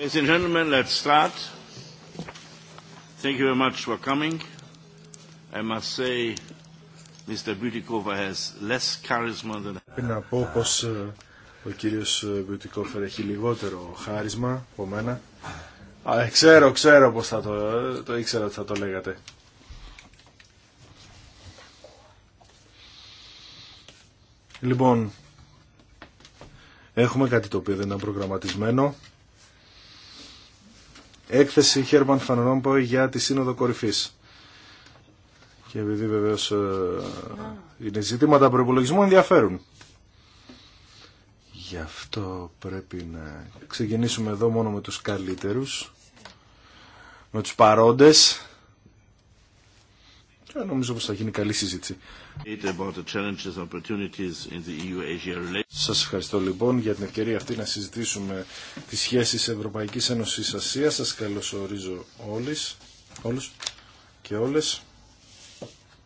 Ladies and gentlemen, let's start. Thank you very much for coming. I must say, Mr. Butikova has less charisma than... Πρέπει να πω πως ε, ο κύριος Μπιουτικόφερ έχει λιγότερο χάρισμα από μένα. Α, ξέρω, ξέρω πως θα το, το ήξερα ότι θα το λέγατε. Λοιπόν, έχουμε κάτι το οποίο δεν ήταν προγραμματισμένο έκθεση Χέρμαν Φανρόμπο για τη Σύνοδο Κορυφής. Και επειδή βεβαίω ε, είναι ζητήματα προπολογισμού ενδιαφέρουν. Γι' αυτό πρέπει να ξεκινήσουμε εδώ μόνο με τους καλύτερους, με τους παρόντες. Και ε, νομίζω πως θα γίνει καλή συζήτηση. E Σας ευχαριστώ λοιπόν για την ευκαιρία αυτή να συζητήσουμε τις σχέσεις Ευρωπαϊκής Ένωσης Ασίας. Σας καλωσορίζω όλες, όλους και όλες.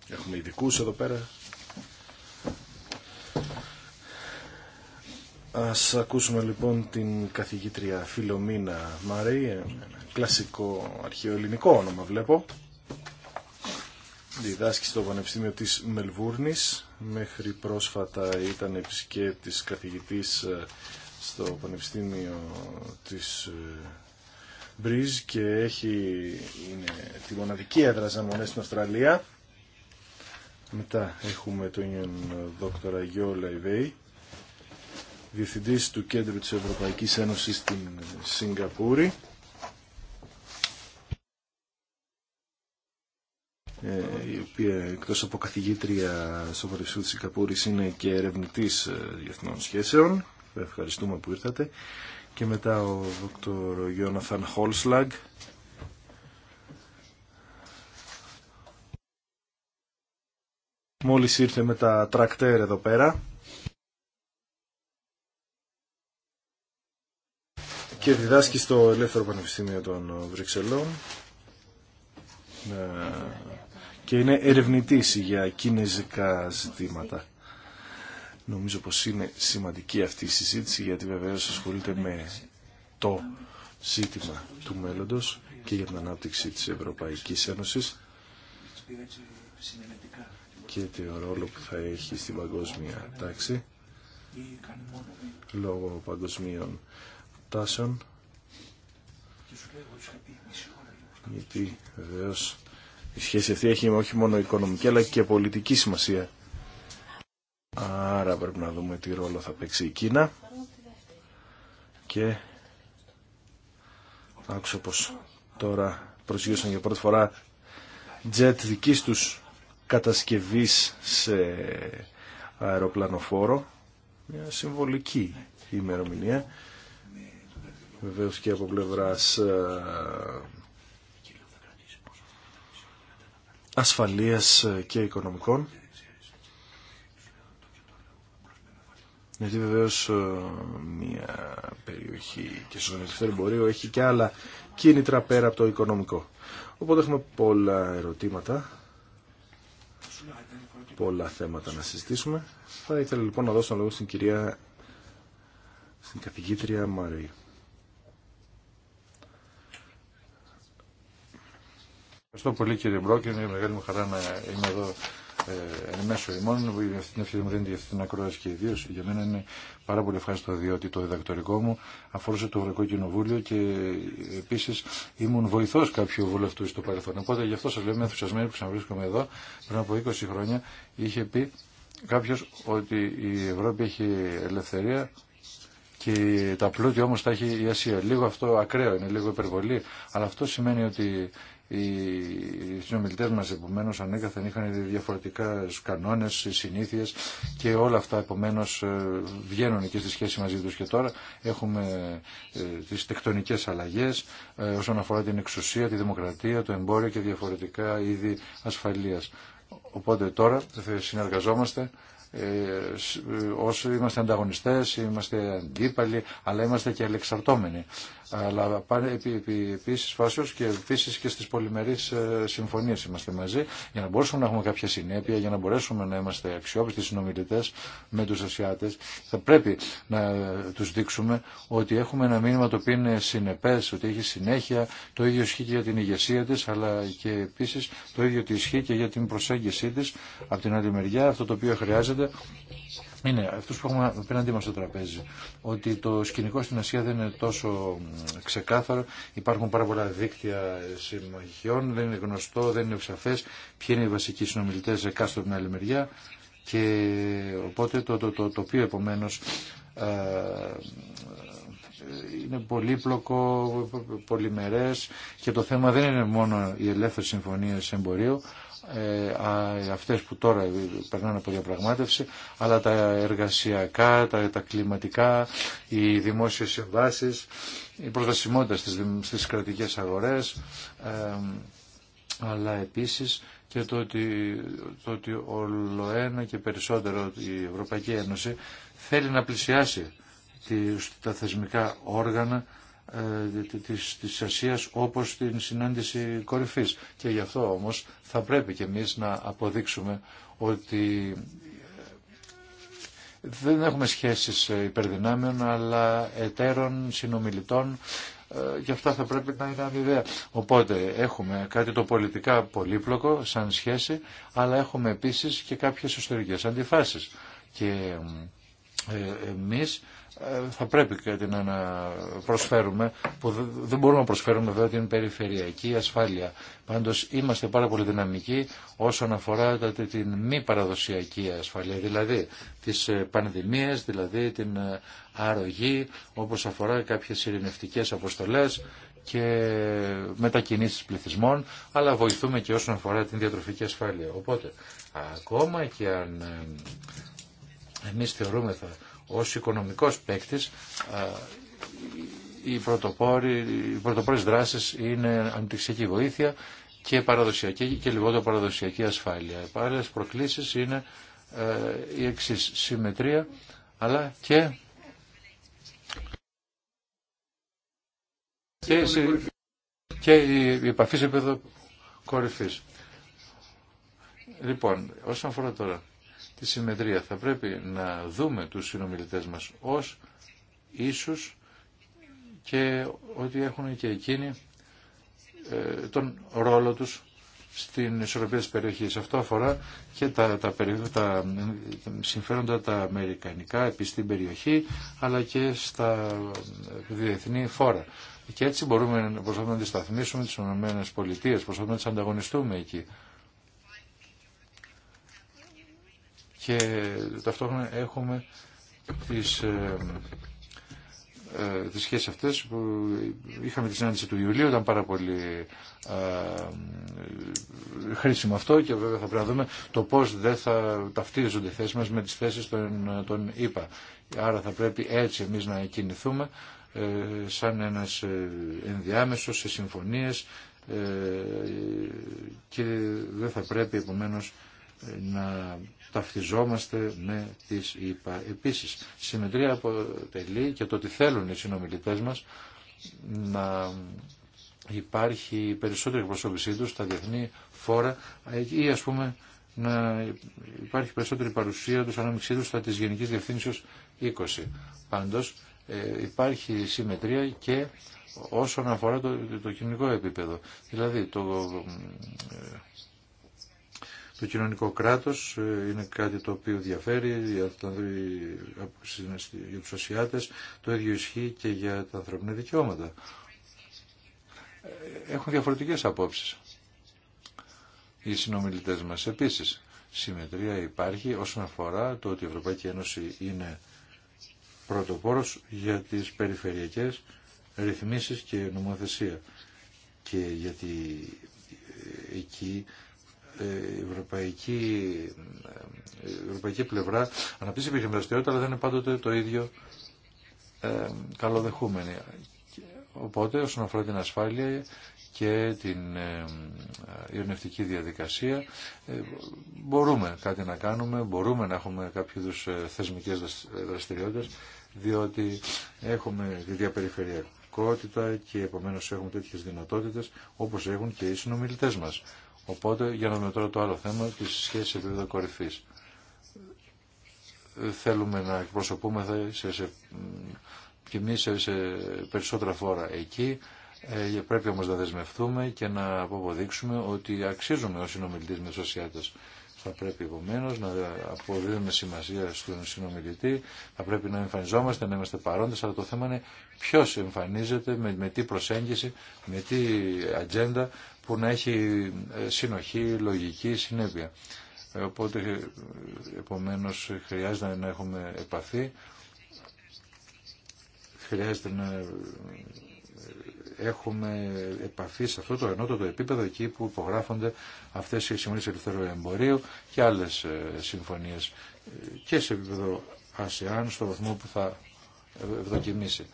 Έχουμε ειδικού εδώ πέρα. Ας ακούσουμε λοιπόν την καθηγήτρια Φιλομίνα Μαρή, ένα κλασικό αρχαιοελληνικό όνομα βλέπω διδάσκει στο Πανεπιστήμιο της Μελβούρνης. Μέχρι πρόσφατα ήταν επισκέπτης καθηγητής ε, στο Πανεπιστήμιο της ε, Μπρίζ και έχει είναι, τη μοναδική έδρα Ζαμονές στην Αυστραλία. Μετά έχουμε τον δόκτωρα Γιώ Λαϊβέη, διευθυντής του Κέντρου της Ευρωπαϊκής Ένωσης στην Σιγκαπούρη. Ε, η οποία εκτός από καθηγήτρια στο της Ικαπούρης είναι και ερευνητής ε, διεθνών σχέσεων. Ευχαριστούμε που ήρθατε. Και μετά ο Δόκτωρ Γιώναθαν Χόλσλαγκ. Μόλις ήρθε με τα τρακτέρ εδώ πέρα. Και διδάσκει στο Ελεύθερο Πανεπιστήμιο των Βρυξελών ε, και είναι ερευνητή για κινέζικα ζητήματα. Νομίζω πως είναι σημαντική αυτή η συζήτηση γιατί βεβαίως ασχολείται με το ζήτημα του μέλλοντος και για την ανάπτυξη της Ευρωπαϊκής Ένωσης και το ρόλο που θα έχει στην παγκόσμια τάξη λόγω παγκοσμίων τάσεων γιατί βεβαίως η σχέση αυτή έχει όχι μόνο οικονομική αλλά και πολιτική σημασία. Άρα πρέπει να δούμε τι ρόλο θα παίξει η Κίνα και άκουσα πως τώρα προσγείωσαν για πρώτη φορά τζετ δικής τους κατασκευής σε αεροπλανοφόρο μια συμβολική ημερομηνία βεβαίως και από πλευράς ε, ασφαλείας ε, και οικονομικών. Γιατί βεβαίω ε, μια περιοχή και στον ελευθερό εμπορίο έχει και άλλα κίνητρα πέρα από το οικονομικό. Οπότε έχουμε πολλά ερωτήματα, πολλά θέματα να συζητήσουμε. Θα ήθελα λοιπόν να δώσω λόγο στην κυρία, στην καθηγήτρια Μαρή. Ευχαριστώ πολύ κύριε Μπρόκ, είναι μεγάλη μου χαρά να είμαι εδώ ε, εν μέσω ημών. Αυτή την ευκαιρία μου δίνεται για την ακρόαση και ιδίω για μένα είναι πάρα πολύ ευχάριστο διότι το διδακτορικό μου αφορούσε το Ευρωπαϊκό Κοινοβούλιο και επίση ήμουν βοηθό κάποιου βουλευτού στο παρελθόν. Οπότε γι' αυτό σα λέω είμαι ενθουσιασμένο που ξαναβρίσκομαι εδώ. Πριν από 20 χρόνια είχε πει κάποιο ότι η Ευρώπη έχει ελευθερία και τα πλούτη όμως τα έχει η Ασία. Λίγο αυτό ακραίο είναι, λίγο υπερβολή, αλλά αυτό σημαίνει ότι οι συνομιλητές μα, επομένως ανέκαθεν είχαν διαφορετικά κανόνες, συνήθειες και όλα αυτά επομένως ε, βγαίνουν και στη σχέση μαζί τους και τώρα έχουμε ε, τις τεκτονικές αλλαγές ε, όσον αφορά την εξουσία, τη δημοκρατία, το εμπόριο και διαφορετικά είδη ασφαλείας. Οπότε τώρα συνεργαζόμαστε ε, ε, όσοι είμαστε ανταγωνιστές, είμαστε αντίπαλοι, αλλά είμαστε και αλεξαρτώμενοι. Αλλά πάνε επί, επί επίσης και επίσης και στις πολυμερείς ε, συμφωνίες είμαστε μαζί για να μπορέσουμε να έχουμε κάποια συνέπεια, για να μπορέσουμε να είμαστε αξιόπιστοι συνομιλητές με τους Ασιάτες. Θα πρέπει να τους δείξουμε ότι έχουμε ένα μήνυμα το οποίο είναι συνεπές, ότι έχει συνέχεια, το ίδιο ισχύει και για την ηγεσία της, αλλά και επίσης το ίδιο ισχύει και για την προσέγγιση της. Από την άλλη μεριά αυτό το οποίο χρειάζεται είναι αυτούς που έχουμε απέναντί μας στο τραπέζι. Ότι το σκηνικό στην Ασία δεν είναι τόσο ξεκάθαρο. Υπάρχουν πάρα πολλά δίκτυα συμμαχιών, δεν είναι γνωστό, δεν είναι εξαφέ Ποιοι είναι οι βασικοί συνομιλητέ εκάστοτε από την άλλη μεριά. Και οπότε το, το, το, το οποίο επομένως είναι πολύπλοκο, πολυμερές και το θέμα δεν είναι μόνο οι ελεύθερε συμφωνίε εμπορίου, ε, αυτές που τώρα περνάνε από διαπραγμάτευση, αλλά τα εργασιακά, τα, τα κλιματικά, οι δημόσιες συμβάσεις, η προστασιμότητα στις, στις κρατικές αγορές, ε, αλλά επίσης και το ότι, το ότι ολοένα και περισσότερο η Ευρωπαϊκή Ένωση θέλει να πλησιάσει τα θεσμικά όργανα ε, της, της Ασίας όπως την συνάντηση κορυφής. Και γι' αυτό όμως θα πρέπει και εμείς να αποδείξουμε ότι ε, δεν έχουμε σχέσεις ε, υπερδυνάμεων αλλά εταίρων, συνομιλητών και αυτά θα πρέπει να είναι ιδέα Οπότε έχουμε κάτι το πολιτικά πολύπλοκο σαν σχέση αλλά έχουμε επίσης και κάποιες ιστορικές αντιφάσεις. Και εμείς ε, θα πρέπει κάτι να προσφέρουμε, που δεν μπορούμε να προσφέρουμε βέβαια την περιφερειακή ασφάλεια. Πάντως είμαστε πάρα πολύ δυναμικοί όσον αφορά την μη παραδοσιακή ασφάλεια, δηλαδή τις ε, πανδημίες, δηλαδή την ε, αρρωγή, όπως αφορά κάποιες ειρηνευτικές αποστολές και μετακινήσεις πληθυσμών, αλλά βοηθούμε και όσον αφορά την διατροφική ασφάλεια. Οπότε, ακόμα και αν εμείς θεωρούμεθα ως οικονομικός παίκτη, οι, πρωτοπόροι, οι πρωτοπόρες δράσεις είναι ανεπτυξιακή βοήθεια και παραδοσιακή και λιγότερο παραδοσιακή ασφάλεια. Οι άλλες προκλήσεις είναι ε, η εξή συμμετρία αλλά και και, η επαφή σε επίπεδο κορυφής. Λοιπόν, όσον αφορά τώρα τη συμμετρία. Θα πρέπει να δούμε τους συνομιλητές μας ως ίσους και ότι έχουν και εκείνοι ε, τον ρόλο τους στην ισορροπία της περιοχής. Αυτό αφορά και τα, τα, τα συμφέροντα τα αμερικανικά επί στην περιοχή, αλλά και στα ε, διεθνή φόρα. Και έτσι μπορούμε να να αντισταθμίσουμε τις ΗΠΑ, να τις ανταγωνιστούμε εκεί. και ταυτόχρονα έχουμε τις, ε, ε, σχέσεις αυτές που είχαμε τη συνάντηση του Ιουλίου, ήταν πάρα πολύ ε, χρήσιμο αυτό και βέβαια θα πρέπει να δούμε το πώς δεν θα ταυτίζονται οι θέσεις μας με τις θέσεις των, των ΙΠΑ. Άρα θα πρέπει έτσι εμείς να κινηθούμε ε, σαν ένας ε, ενδιάμεσος σε συμφωνίες και δεν θα πρέπει επομένως να ταυτιζόμαστε με τις ΙΠΑ. Επίσης, συμμετρία αποτελεί και το ότι θέλουν οι συνομιλητές μας να υπάρχει περισσότερη εκπροσώπησή τους στα διεθνή φόρα ή ας πούμε να υπάρχει περισσότερη παρουσία τους, ανάμειξή τους στα της Γενικής Διευθύνσεως 20. Πάντως ε, υπάρχει συμμετρία και όσον αφορά το, το κοινωνικό επίπεδο. Δηλαδή το, ε, το κοινωνικό κράτος ε, είναι κάτι το οποίο διαφέρει για τους Ασιάτες. Το ίδιο ισχύει και για τα ανθρώπινα δικαιώματα. Ε, έχουν διαφορετικές απόψεις. Οι συνομιλητές μας επίσης. Συμμετρία υπάρχει όσον αφορά το ότι η Ευρωπαϊκή Ένωση είναι πρωτοπόρος για τις περιφερειακές ρυθμίσεις και νομοθεσία. Και γιατί ε, εκεί ε, η ευρωπαϊκή, ε, η ευρωπαϊκή πλευρά αναπτύσσει επιχειρηματικότητα, αλλά δεν είναι πάντοτε το ίδιο ε, καλοδεχούμενη. Οπότε, όσον αφορά την ασφάλεια και την ε, ειρνευτική διαδικασία, ε, μπορούμε κάτι να κάνουμε, μπορούμε να έχουμε κάποιου είδου θεσμικέ δραστηριότητε, διότι έχουμε τη διαπεριφερειακότητα και επομένω έχουμε τέτοιε δυνατότητε, όπω έχουν και οι συνομιλητέ μα. Οπότε, για να μετρώ τώρα το άλλο θέμα, τη σχέση επίπεδο κορυφή. Θέλουμε να εκπροσωπούμε σε, σε, και εμεί σε, περισσότερα φόρα εκεί. Ε, πρέπει όμω να δεσμευτούμε και να αποδείξουμε ότι αξίζουμε ως συνομιλητή με του θα πρέπει επομένω να αποδίδουμε σημασία στον συνομιλητή, θα πρέπει να εμφανιζόμαστε, να είμαστε παρόντες αλλά το θέμα είναι ποιο εμφανίζεται, με, τι προσέγγιση, με τι ατζέντα που να έχει ε, συνοχή, λογική, συνέπεια. Ε, οπότε ε, επομένω χρειάζεται να έχουμε επαφή, χρειάζεται να έχουμε επαφή σε αυτό το ενότοτο επίπεδο εκεί που υπογράφονται αυτές οι συμφωνίες ελευθερού εμπορίου και άλλες ε, συμφωνίες ε, και σε επίπεδο ΑΣΕΑΝ στο βαθμό που θα ευδοκιμήσει.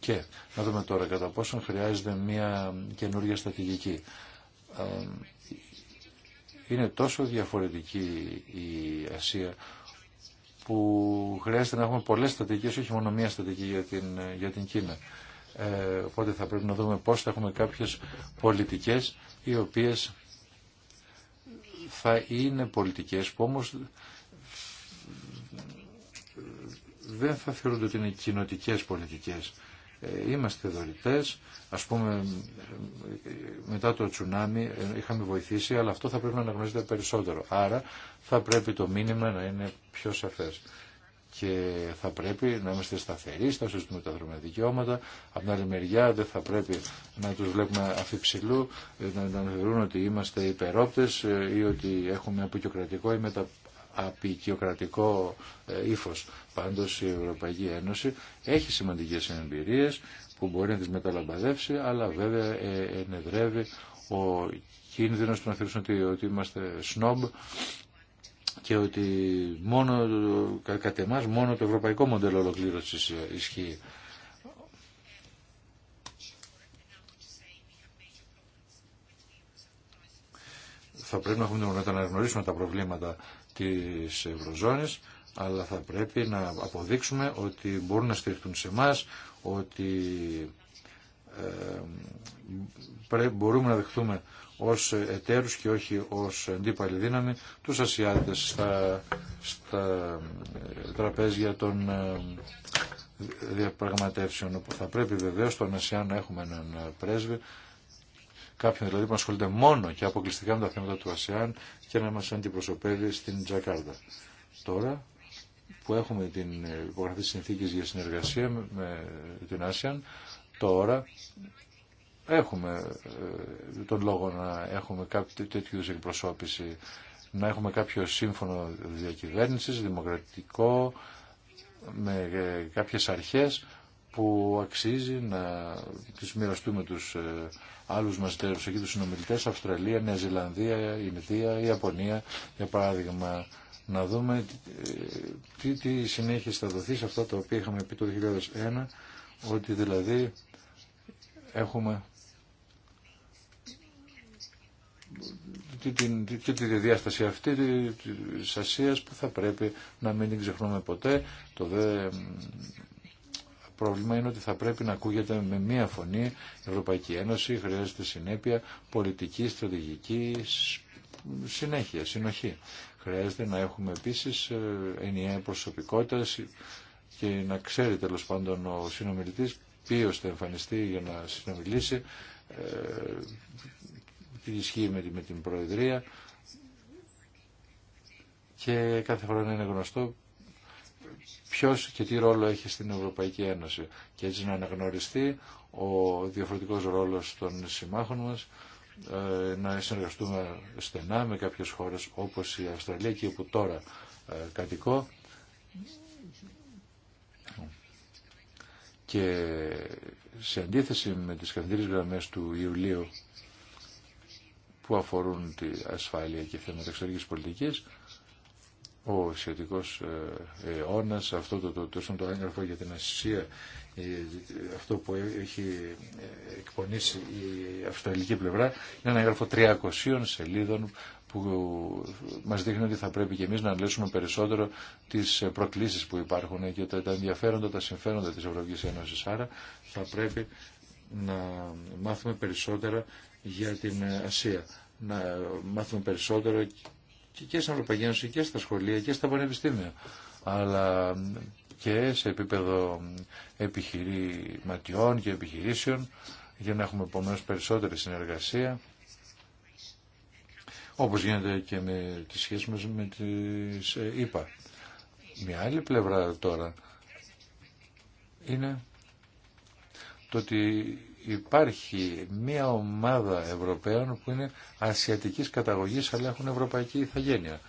Και να δούμε τώρα κατά πόσον χρειάζεται μια καινούργια στρατηγική. Ε, είναι τόσο διαφορετική η Ασία που χρειάζεται να έχουμε πολλές στρατηγικές, όχι μόνο μία στρατηγική για την, για την Κίνα. Ε, οπότε θα πρέπει να δούμε πώς θα έχουμε κάποιες πολιτικές οι οποίες θα είναι πολιτικές που όμως δεν θα θεωρούνται ότι είναι κοινοτικές πολιτικές. Ε, είμαστε δωρητές, ας πούμε μετά το τσουνάμι ε, είχαμε βοηθήσει, αλλά αυτό θα πρέπει να αναγνωρίζεται περισσότερο. Άρα θα πρέπει το μήνυμα να είναι πιο σαφές. Και θα πρέπει να είμαστε σταθεροί στα συζητούμε τα δικαιώματα. Από την άλλη μεριά δεν θα πρέπει να τους βλέπουμε αφιψηλού, ε, να, να ότι είμαστε υπερόπτες ή ότι έχουμε αποκειοκρατικό ή μετα, απεικιοκρατικό ε, ύφο. Πάντως η Ευρωπαϊκή Ένωση έχει σημαντικές εμπειρίε που μπορεί να τι μεταλαμπαδεύσει, αλλά βέβαια ε, ενεδρεύει ο κίνδυνο του να θεωρήσουν ότι, είμαστε σνόμπ και ότι μόνο, κατ' εμάς, μόνο το ευρωπαϊκό μοντέλο ολοκλήρωσης ισχύει. Θα πρέπει να έχουμε να αναγνωρίσουμε τα προβλήματα της Ευρωζώνης, αλλά θα πρέπει να αποδείξουμε ότι μπορούν να στηριχτούν σε εμά, ότι ε, μπορούμε να δεχτούμε ως εταίρους και όχι ως αντίπαλη δύναμη τους Ασιάτες στα, στα ε, τραπέζια των ε, διαπραγματεύσεων όπου θα πρέπει βεβαίως στον Ασιά να έχουμε έναν πρέσβη κάποιον δηλαδή που ασχολείται μόνο και αποκλειστικά με τα θέματα του Ασιαν και να μας αντιπροσωπεύει στην Τζακάρτα. Τώρα που έχουμε την ε, υπογραφή της συνθήκης για συνεργασία με την Άσιαν, τώρα έχουμε ε, τον λόγο να έχουμε κάποιο τέτοιου είδους εκπροσώπηση, να έχουμε κάποιο σύμφωνο διακυβέρνησης, δημοκρατικό, με ε, κάποιες αρχές που αξίζει να τις μοιραστούμε τους ε, άλλους μας τέλους εκεί, τους συνομιλητές, Αυστραλία, Νέα Ζηλανδία, Ινδία, Ιαπωνία, για παράδειγμα, να δούμε ε, τι, τι συνέχεια θα δοθεί σε αυτά τα οποία είχαμε πει το 2001, ότι δηλαδή έχουμε και τη διάσταση αυτή της Ασίας που θα πρέπει να μην την ξεχνούμε ποτέ. Το δε πρόβλημα είναι ότι θα πρέπει να ακούγεται με μία φωνή η Ευρωπαϊκή Ένωση, χρειάζεται συνέπεια, πολιτική, στρατηγική, συνέχεια, συνοχή. Χρειάζεται να έχουμε επίσης ε, ενιαία προσωπικότητα και να ξέρει τέλο πάντων ο συνομιλητής ποιος θα εμφανιστεί για να συνομιλήσει, ε, τι ισχύει με την Προεδρία και κάθε φορά να είναι γνωστό ποιος και τι ρόλο έχει στην Ευρωπαϊκή Ένωση και έτσι να αναγνωριστεί ο διαφορετικός ρόλος των συμμάχων μας ε, να συνεργαστούμε στενά με κάποιες χώρες όπως η Αυστραλία και όπου τώρα ε, κατοικώ και σε αντίθεση με τις καθημερινές γραμμές του Ιουλίου που αφορούν τη ασφάλεια και θέματα εξωτερικής πολιτικής ο σχετικός ε, αιώνα, αυτό το, το, το, το έγγραφο για την Ασία, ε, αυτό που έχει ε, εκπονήσει η αυστραλική πλευρά, είναι ένα έγγραφο 300 σελίδων που μας δείχνει ότι θα πρέπει και εμείς να αντλήσουμε περισσότερο τις προκλήσεις που υπάρχουν και τα, τα ενδιαφέροντα, τα συμφέροντα της Ευρωπαϊκής Ένωσης. Άρα θα πρέπει να μάθουμε περισσότερα για την Ασία, να μάθουμε περισσότερο και στην Ευρωπαϊκή Ένωση και στα σχολεία και στα πανεπιστήμια αλλά και σε επίπεδο επιχειρηματιών και επιχειρήσεων για να έχουμε επομένω περισσότερη συνεργασία όπως γίνεται και με τις σχέσεις μας με τις ε, ΕΠΑ. Μια άλλη πλευρά τώρα είναι το ότι υπάρχει μια ομάδα Ευρωπαίων που είναι ασιατικής καταγωγής αλλά έχουν ευρωπαϊκή ηθαγένεια.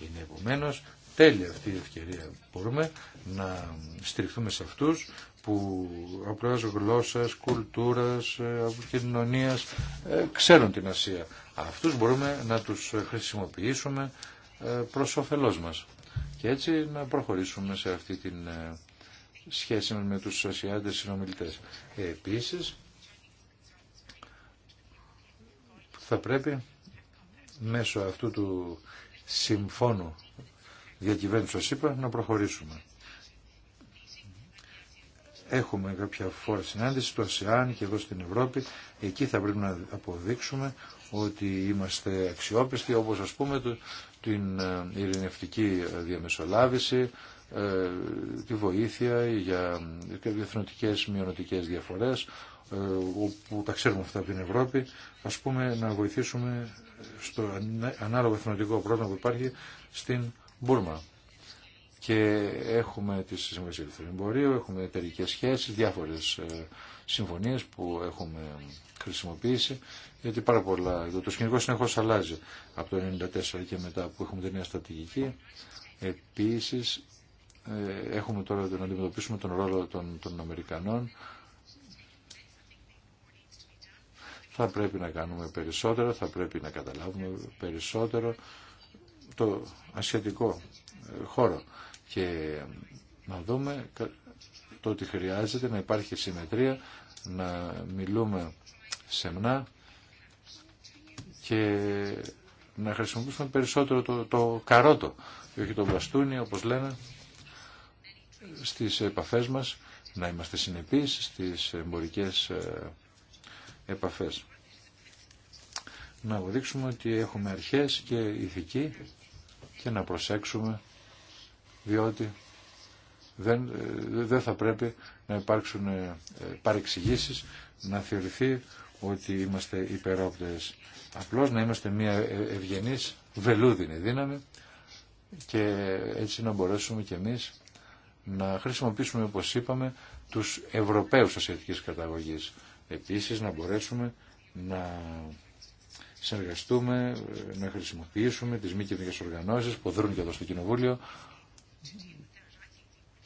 Είναι επομένω τέλεια αυτή η ευκαιρία. Μπορούμε να στηριχθούμε σε αυτούς που απλά γλώσσας, κουλτούρας, ε, κοινωνίας ε, ξέρουν την Ασία. Αυτούς μπορούμε να τους χρησιμοποιήσουμε ε, προς όφελός μας. Και έτσι να προχωρήσουμε σε αυτή την σχέση με τους Ασιάτες συνομιλητές. Επίσης, θα πρέπει μέσω αυτού του συμφώνου διακυβέρνηση είπα, να προχωρήσουμε. Έχουμε κάποια φόρα συνάντηση στο ΑΣΙΑΝ και εδώ στην Ευρώπη. Εκεί θα πρέπει να αποδείξουμε ότι είμαστε αξιόπιστοι όπως ας πούμε την ε, ειρηνευτική διαμεσολάβηση, ε, τη βοήθεια για ε, διεθνωτικές μειονοτικές διαφορές, ε, που τα ξέρουμε αυτά από την Ευρώπη, ας πούμε να βοηθήσουμε στο ανάλογο εθνοτικό πρόγραμμα που υπάρχει στην Μπούρμα. Και έχουμε τις συμβασίες του εμπορίου, έχουμε εταιρικέ σχέσεις, διάφορες ε, συμφωνίες που έχουμε χρησιμοποιήσει, γιατί πάρα πολλά, το σκηνικό συνεχώς αλλάζει από το 1994 και μετά που έχουμε την νέα στρατηγική. Επίσης, ε, έχουμε τώρα να αντιμετωπίσουμε τον ρόλο των, των Αμερικανών, Θα πρέπει να κάνουμε περισσότερο, θα πρέπει να καταλάβουμε περισσότερο το ασιατικό ε, χώρο και ε, να δούμε το ότι χρειάζεται να υπάρχει συμμετρία, να μιλούμε σεμνά και να χρησιμοποιήσουμε περισσότερο το, το καρότο και όχι το μπαστούνι όπως λένε στις επαφές μας να είμαστε συνεπείς στις εμπορικές ε, επαφές. Να αποδείξουμε ότι έχουμε αρχές και ηθική και να προσέξουμε διότι δεν, ε, δεν θα πρέπει να υπάρξουν ε, παρεξηγήσεις, να θεωρηθεί ότι είμαστε υπερόπτες. Απλώς να είμαστε μια ε, ευγενής βελούδινη δύναμη και έτσι να μπορέσουμε κι εμείς να χρησιμοποιήσουμε, όπως είπαμε, τους Ευρωπαίους ασιατικής καταγωγής. Επίσης να μπορέσουμε να συνεργαστούμε, να χρησιμοποιήσουμε τις μη κυβερνικές οργανώσεις που δρούν και εδώ στο Κοινοβούλιο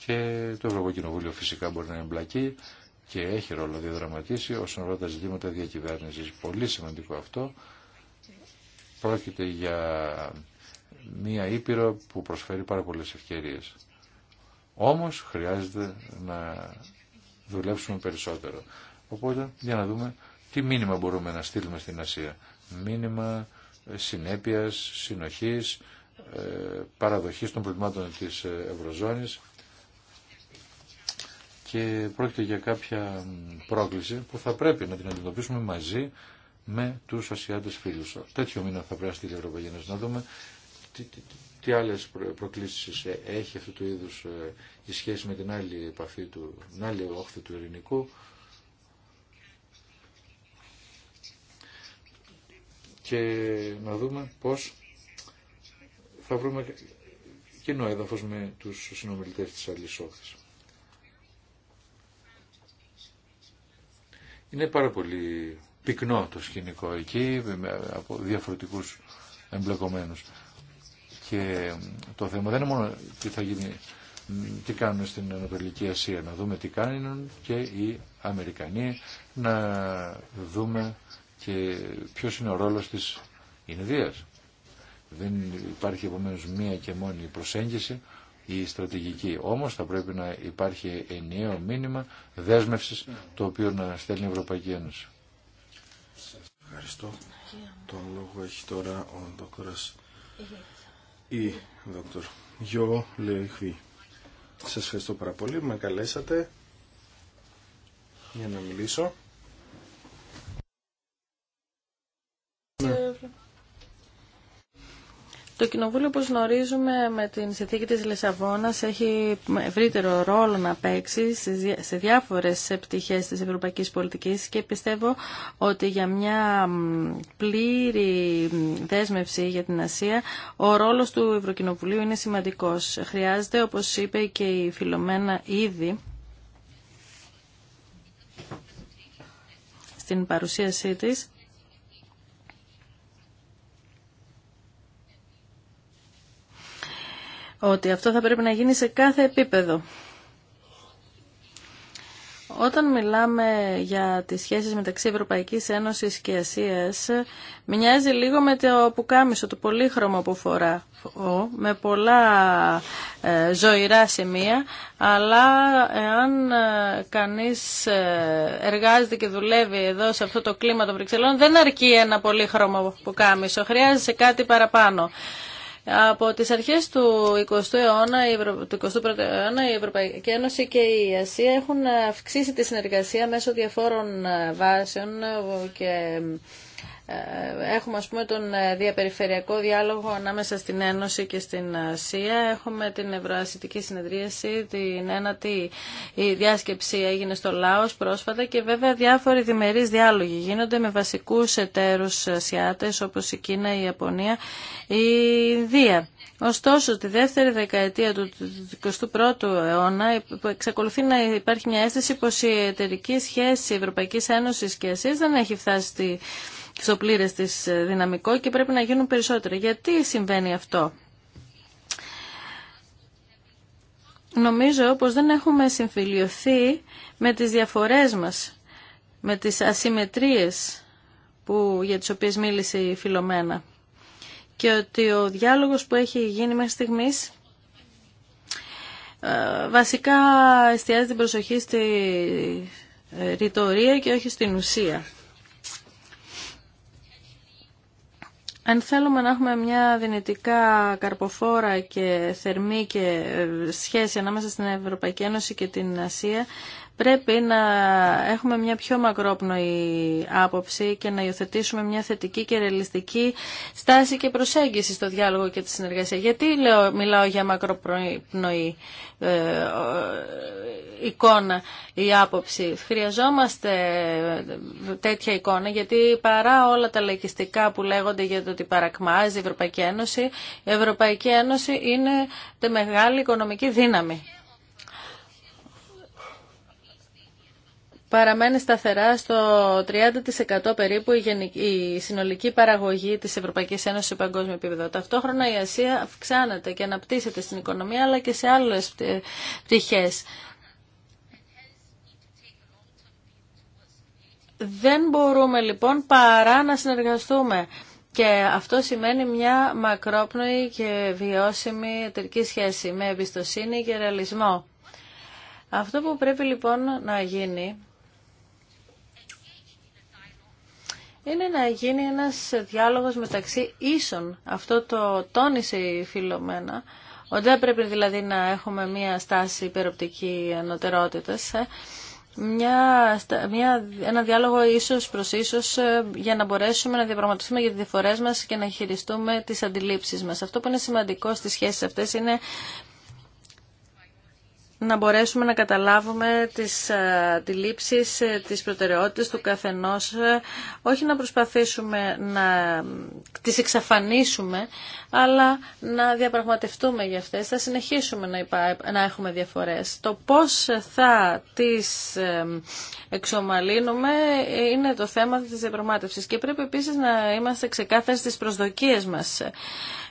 και το Ευρωπαϊκό Κοινοβούλιο φυσικά μπορεί να εμπλακεί και έχει ρόλο να διαδραματίσει όσον αφορά τα ζητήματα διακυβέρνησης. Πολύ σημαντικό αυτό. Πρόκειται για μία ήπειρο που προσφέρει πάρα πολλές ευκαιρίες. Όμως χρειάζεται να δουλέψουμε περισσότερο. Οπότε για να δούμε τι μήνυμα μπορούμε να στείλουμε στην Ασία. Μήνυμα συνέπειας, συνοχής, ε, παραδοχής των προβλημάτων της ε, Ευρωζώνης και πρόκειται για κάποια πρόκληση που θα πρέπει να την αντιμετωπίσουμε μαζί με τους Ασιάτες φίλους. Τέτοιο μήνα θα πρέπει να η Ευρωπαϊκή Ένωση να δούμε τι, τι, τι άλλες προκλήσεις ε, έχει αυτού του είδους η σχέση με την άλλη επαφή του, την άλλη όχθη του ειρηνικού. και να δούμε πώς θα βρούμε κοινό έδαφος με τους συνομιλητές της άλλης Είναι πάρα πολύ πυκνό το σκηνικό εκεί από διαφορετικούς εμπλεκομένους. Και το θέμα δεν είναι μόνο τι θα γίνει, τι κάνουν στην Ανατολική Ασία, να δούμε τι κάνουν και οι Αμερικανοί, να δούμε και ποιος είναι ο ρόλος της Ινδίας. Δεν υπάρχει επομένως μία και μόνη προσέγγιση η στρατηγική. Όμως θα πρέπει να υπάρχει ενιαίο μήνυμα δέσμευσης το οποίο να στέλνει η Ευρωπαϊκή Ένωση. Ευχαριστώ. Τον λόγο έχει τώρα ο δόκτωρας ή δόκτωρ Γιώ Λεϊχβή. Σας ευχαριστώ πάρα πολύ. Με καλέσατε για να μιλήσω. Το Κοινοβούλιο, όπως γνωρίζουμε, με την συνθήκη της Λισαβόνας έχει ευρύτερο ρόλο να παίξει σε διάφορες πτυχές της ευρωπαϊκής πολιτικής και πιστεύω ότι για μια πλήρη δέσμευση για την Ασία ο ρόλος του Ευρωκοινοβουλίου είναι σημαντικός. Χρειάζεται, όπως είπε και η Φιλομένα ήδη, στην παρουσίασή της, ότι αυτό θα πρέπει να γίνει σε κάθε επίπεδο. Όταν μιλάμε για τις σχέσεις μεταξύ Ευρωπαϊκής Ένωσης και Ασίας, μοιάζει λίγο με το πουκάμισο, το πολύχρωμο που φορά, με πολλά ε, ζωηρά σημεία, αλλά εάν ε, κανείς ε, εργάζεται και δουλεύει εδώ σε αυτό το κλίμα των Βρυξελών, δεν αρκεί ένα πολύχρωμο πουκάμισο, χρειάζεσαι κάτι παραπάνω. Από τις αρχές του 20ου αιώνα, του 21ου αιώνα, η Ευρωπαϊκή Ένωση και η Ασία έχουν αυξήσει τη συνεργασία μέσω διαφόρων ε, βάσεων ε, και ε, έχουμε ας πούμε τον ε, διαπεριφερειακό διάλογο ανάμεσα στην Ένωση και στην Ασία. Ε, έχουμε την Ευρωασιτική Συνεδρίαση, την ένατη η διάσκεψη έγινε στο Λάος πρόσφατα και βέβαια διάφοροι διμερείς διάλογοι γίνονται με βασικούς εταίρους Ασιάτες όπως η Κίνα, η Ιαπωνία, η Ινδία. Ωστόσο, τη δεύτερη δεκαετία του 21ου αιώνα εξακολουθεί να υπάρχει μια αίσθηση πως η εταιρική σχέση Ευρωπαϊκής Ένωσης και ΕΣΥΣ δεν έχει φτάσει στη στο πλήρε τη ε, δυναμικό και πρέπει να γίνουν περισσότερο. Γιατί συμβαίνει αυτό. Νομίζω πως δεν έχουμε συμφιλειωθεί με τις διαφορές μας, με τις ασυμμετρίες που, για τις οποίες μίλησε η Φιλομένα και ότι ο διάλογος που έχει γίνει μέχρι στιγμής ε, βασικά εστιάζει την προσοχή στη ε, ρητορία και όχι στην ουσία. Αν θέλουμε να έχουμε μια δυνητικά καρποφόρα και θερμή και ε, σχέση ανάμεσα στην Ευρωπαϊκή Ένωση και την Ασία, πρέπει να έχουμε μια πιο μακρόπνοη άποψη και να υιοθετήσουμε μια θετική και ρεαλιστική στάση και προσέγγιση στο διάλογο και τη συνεργασία. Γιατί λέω, μιλάω για μακρόπνοη ε, ε, εικόνα ή άποψη. Χρειαζόμαστε τέτοια εικόνα γιατί παρά όλα τα λαϊκιστικά που λέγονται για το ότι παρακμάζει η Ευρωπαϊκή Ένωση, η Ευρωπαϊκή Ένωση είναι τη μεγάλη οικονομική δύναμη. παραμένει σταθερά στο 30% περίπου η, συνολική παραγωγή της Ευρωπαϊκής Ένωσης σε παγκόσμιο επίπεδο. Ταυτόχρονα η Ασία αυξάνεται και αναπτύσσεται στην οικονομία αλλά και σε άλλες πτυχές. Δεν μπορούμε λοιπόν παρά να συνεργαστούμε. Και αυτό σημαίνει μια μακρόπνοη και βιώσιμη εταιρική σχέση με εμπιστοσύνη και ρεαλισμό. Αυτό που πρέπει λοιπόν να γίνει είναι να γίνει ένας διάλογος μεταξύ ίσων. Αυτό το τόνισε η Φιλομένα, ότι δεν πρέπει δηλαδή να έχουμε μία στάση υπεροπτική ανωτερότητας, ε. μια, μια, ένα διάλογο ίσως προς ίσως ε, για να μπορέσουμε να διαπραγματευτούμε για τις διαφορές μας και να χειριστούμε τις αντιλήψεις μας. Αυτό που είναι σημαντικό στις σχέσεις αυτές είναι να μπορέσουμε να καταλάβουμε τις αντιλήψεις, ε, τις προτεραιότητες του καθενός, ε, όχι να προσπαθήσουμε να τις εξαφανίσουμε, αλλά να διαπραγματευτούμε για αυτές. Θα συνεχίσουμε να, έχουμε διαφορές. Το πώς θα τις ε, εξομαλύνουμε είναι το θέμα της διαπραγμάτευσης και πρέπει επίσης να είμαστε ξεκάθαροι στις προσδοκίες μας.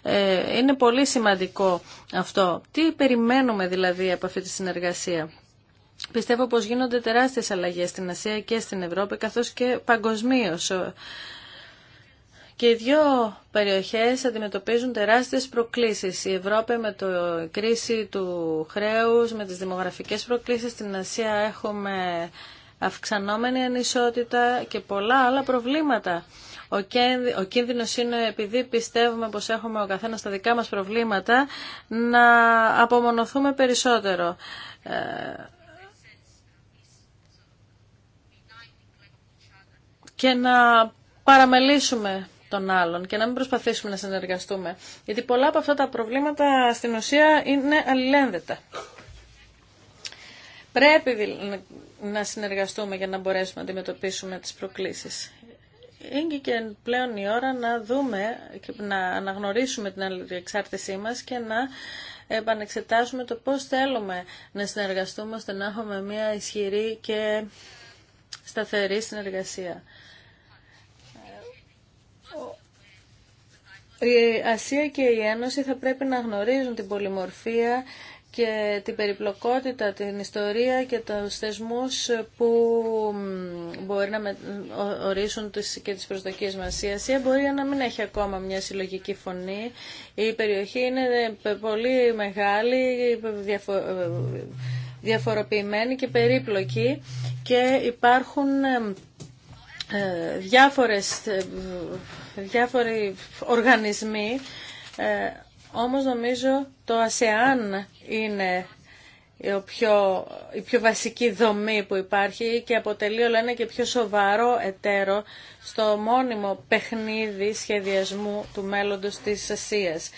Ε, είναι πολύ σημαντικό αυτό. Τι περιμένουμε δηλαδή από αυτή τη συνεργασία. Πιστεύω πως γίνονται τεράστιες αλλαγές στην Ασία και στην Ευρώπη καθώς και παγκοσμίω. Και οι δύο περιοχές αντιμετωπίζουν τεράστιες προκλήσεις. Η Ευρώπη με το κρίση του χρέους, με τις δημογραφικές προκλήσεις. Στην Ασία έχουμε αυξανόμενη ανισότητα και πολλά άλλα προβλήματα. Ο κίνδυνος είναι επειδή πιστεύουμε πως έχουμε ο καθένας τα δικά μας προβλήματα να απομονωθούμε περισσότερο. Ε, και να παραμελήσουμε τον άλλον και να μην προσπαθήσουμε να συνεργαστούμε. Γιατί πολλά από αυτά τα προβλήματα στην ουσία είναι αλληλένδετα. Πρέπει να συνεργαστούμε για να μπορέσουμε να αντιμετωπίσουμε τις προκλήσεις είναι και πλέον η ώρα να δούμε και να αναγνωρίσουμε την εξάρτησή μας και να επανεξετάσουμε το πώς θέλουμε να συνεργαστούμε ώστε να έχουμε μια ισχυρή και σταθερή συνεργασία. Η Ασία και η Ένωση θα πρέπει να γνωρίζουν την πολυμορφία και την περιπλοκότητα, την ιστορία και τους θεσμούς που μπορεί να ορίσουν τις και τις προσδοκίες μας. Η Ασία μπορεί να μην έχει ακόμα μια συλλογική φωνή. Η περιοχή είναι ε, πολύ μεγάλη, ε, ε, διαφοροποιημένη και περίπλοκη και υπάρχουν διάφορες, διάφοροι οργανισμοί όμως νομίζω το ΑΣΕΑΝ είναι η πιο, πιο βασική δομή που υπάρχει και αποτελεί όλο ένα και πιο σοβαρό εταίρο στο μόνιμο παιχνίδι σχεδιασμού του μέλλοντος της Ασίας.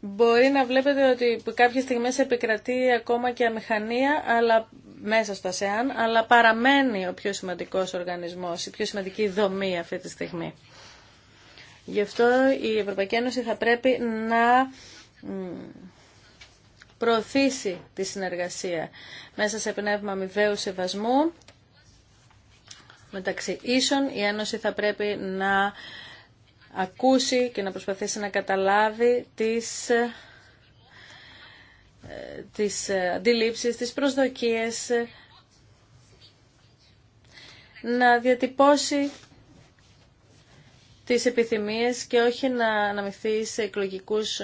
Μπορεί να βλέπετε ότι κάποιες στιγμές επικρατεί ακόμα και αμηχανία αλλά, μέσα στο ΑΣΕΑΝ, αλλά παραμένει ο πιο σημαντικός οργανισμός, η πιο σημαντική δομή αυτή τη στιγμή. Γι' αυτό η Ευρωπαϊκή Ένωση θα πρέπει να προωθήσει τη συνεργασία μέσα σε πνεύμα αμοιβαίου σεβασμού μεταξύ ίσων. Η Ένωση θα πρέπει να ακούσει και να προσπαθήσει να καταλάβει τις ε, τις ε, αντιλήψεις, τις προσδοκίες, ε, να διατυπώσει τις επιθυμίες και όχι να αναμειχθεί σε εκλογικούς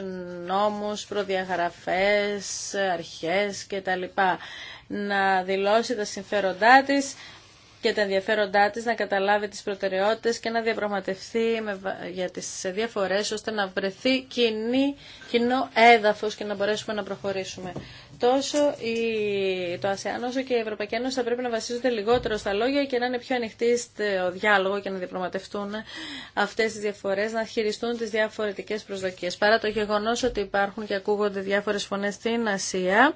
νόμους, προδιαγραφές, αρχές κτλ. Να δηλώσει τα συμφέροντά της και τα ενδιαφέροντά της, να καταλάβει τις προτεραιότητες και να διαπραγματευτεί για τις διαφορές ώστε να βρεθεί κοινή, κοινό έδαφος και να μπορέσουμε να προχωρήσουμε. Τόσο η, το ΑΣΕΑΝ και η Ευρωπαϊκή Ένωση θα πρέπει να βασίζονται λιγότερο στα λόγια και να είναι πιο ανοιχτή στο διάλογο και να διαπραγματευτούν αυτέ τι διαφορέ, να χειριστούν τι διαφορετικέ προσδοκίε. Παρά το γεγονό ότι υπάρχουν και ακούγονται διάφορε φωνέ στην Ασία,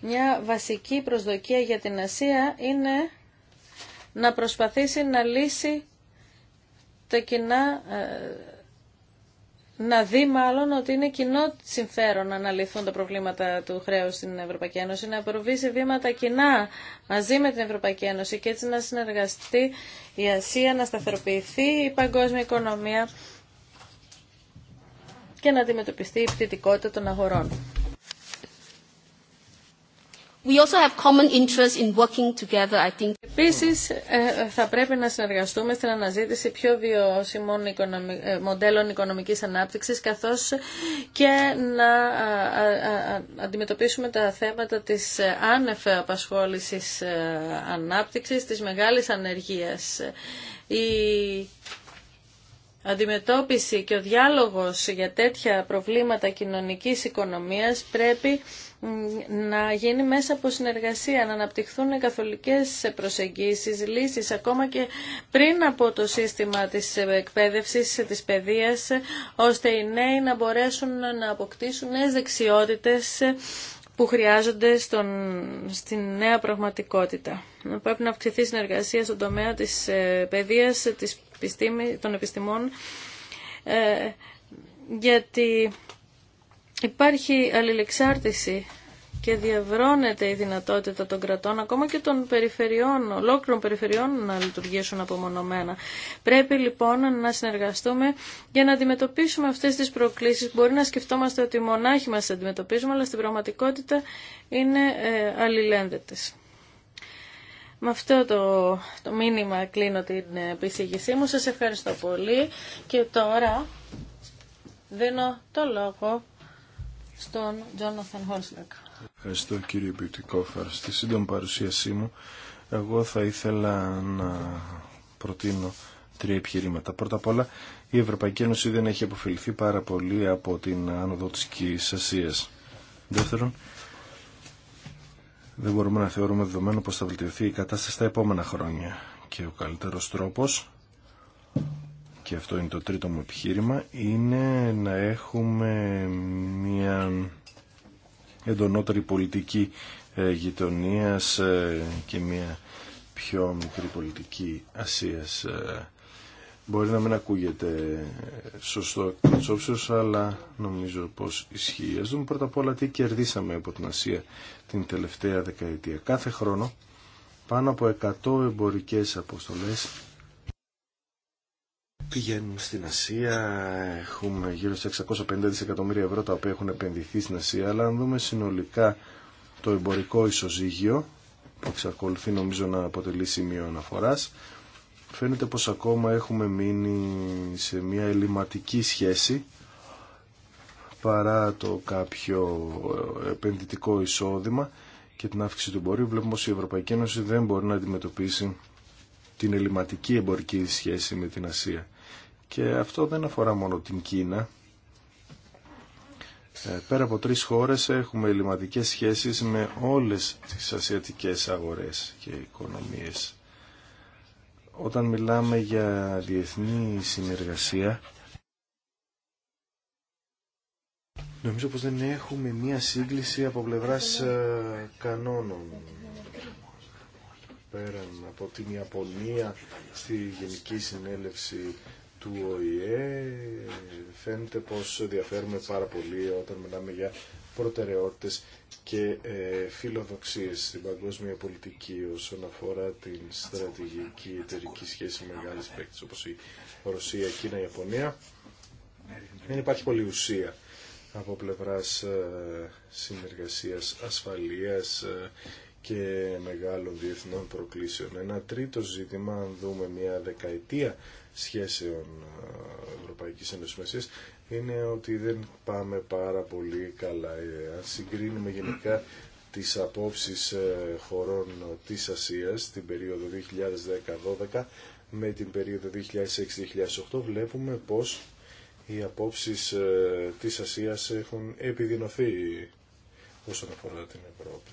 μια βασική προσδοκία για την Ασία είναι να προσπαθήσει να λύσει τα κοινά, ε, να δει μάλλον ότι είναι κοινό συμφέρον να αναλυθούν τα προβλήματα του χρέους στην Ευρωπαϊκή Ένωση, να προβεί σε βήματα κοινά μαζί με την Ευρωπαϊκή Ένωση και έτσι να συνεργαστεί η Ασία, να σταθεροποιηθεί η παγκόσμια οικονομία και να αντιμετωπιστεί η πτυτικότητα των αγορών. We common in working together, Επίσης, ε, θα πρέπει να συνεργαστούμε στην αναζήτηση πιο βιώσιμων ε, μοντέλων οικονομικής ανάπτυξης, καθώς και να αντιμετωπίσουμε τα θέματα της ε, άνευ απασχόλησης ανάπτυξης, της μεγάλης ανεργίας. Η αντιμετώπιση και ο διάλογος για τέτοια προβλήματα κοινωνικής οικονομίας πρέπει να γίνει μέσα από συνεργασία, να αναπτυχθούν καθολικές προσεγγίσεις, λύσεις, ακόμα και πριν από το σύστημα της εκπαίδευσης, της παιδείας, ώστε οι νέοι να μπορέσουν να αποκτήσουν νέες δεξιότητες που χρειάζονται στον, στην νέα πραγματικότητα. Πρέπει να αυξηθεί η συνεργασία στον τομέα της ε, παιδείας, της των επιστημών, ε, γιατί υπάρχει αλληλεξάρτηση και διαβρώνεται η δυνατότητα των κρατών, ακόμα και των περιφερειών, ολόκληρων περιφερειών να λειτουργήσουν απομονωμένα. Πρέπει λοιπόν να συνεργαστούμε για να αντιμετωπίσουμε αυτές τις προκλήσεις. Μπορεί να σκεφτόμαστε ότι μονάχοι μας αντιμετωπίζουμε, αλλά στην πραγματικότητα είναι ε, αλληλένδετες. Με αυτό το, το μήνυμα κλείνω την επισήγησή μου. Σας ευχαριστώ πολύ και τώρα δίνω το λόγο στον Τζόναθαν Χόλσλεκ. Ευχαριστώ κύριε Μπιουτικόφερ. Στη σύντομη παρουσίασή μου, εγώ θα ήθελα να προτείνω τρία επιχειρήματα. Πρώτα απ' όλα, η Ευρωπαϊκή Ένωση δεν έχει αποφεληθεί πάρα πολύ από την άνοδο της Ασίας. Δεύτερον, δεν μπορούμε να θεωρούμε δεδομένο πως θα βελτιωθεί η κατάσταση στα επόμενα χρόνια. Και ο καλύτερος τρόπος και αυτό είναι το τρίτο μου επιχείρημα, είναι να έχουμε μια εντονότερη πολιτική ε, γειτονίας ε, και μια πιο μικρή πολιτική Ασίας. Ε, μπορεί να μην ακούγεται σωστό κοτσόψιος, αλλά νομίζω πως ισχύει. Ας δούμε πρώτα απ' όλα τι κερδίσαμε από την Ασία την τελευταία δεκαετία. Κάθε χρόνο πάνω από 100 εμπορικές αποστολές Πηγαίνουμε στην Ασία, έχουμε γύρω στα 650 δισεκατομμύρια ευρώ τα οποία έχουν επενδυθεί στην Ασία, αλλά αν δούμε συνολικά το εμπορικό ισοζύγιο, που εξακολουθεί νομίζω να αποτελεί σημείο αναφοράς, φαίνεται πως ακόμα έχουμε μείνει σε μια ελληματική σχέση παρά το κάποιο επενδυτικό εισόδημα και την αύξηση του εμπορίου. Βλέπουμε πως η Ευρωπαϊκή Ένωση δεν μπορεί να αντιμετωπίσει την ελληματική εμπορική σχέση με την Ασία. Και αυτό δεν αφορά μόνο την Κίνα. Ε, πέρα από τρεις χώρες έχουμε ελληματικές σχέσεις με όλες τις ασιατικές αγορές και οικονομίες. Όταν μιλάμε για διεθνή συνεργασία, νομίζω πως δεν έχουμε μία σύγκληση από πλευράς ε, κανόνων πέραν από την Ιαπωνία στη Γενική Συνέλευση του ΟΗΕ φαίνεται πως διαφέρουμε πάρα πολύ όταν μιλάμε για προτεραιότητες και ε, φιλοδοξίες στην παγκόσμια πολιτική όσον αφορά την στρατηγική εταιρική σχέση με μεγάλες παίκτες όπως η Ρωσία, Κίνα, Ιαπωνία. Δεν υπάρχει πολλή ουσία από πλευράς ε, συνεργασίας ασφαλείας ε, και μεγάλων διεθνών προκλήσεων. Ένα τρίτο ζήτημα, αν δούμε μια δεκαετία σχέσεων Ευρωπαϊκής Ένωσης είναι ότι δεν πάμε πάρα πολύ καλά. Ε, αν συγκρίνουμε γενικά τις απόψεις ε, χωρών της Ασίας την περίοδο 2010-2012 με την περίοδο 2006-2008 βλέπουμε πως οι απόψεις ε, της Ασίας έχουν επιδεινωθεί όσον αφορά την Ευρώπη.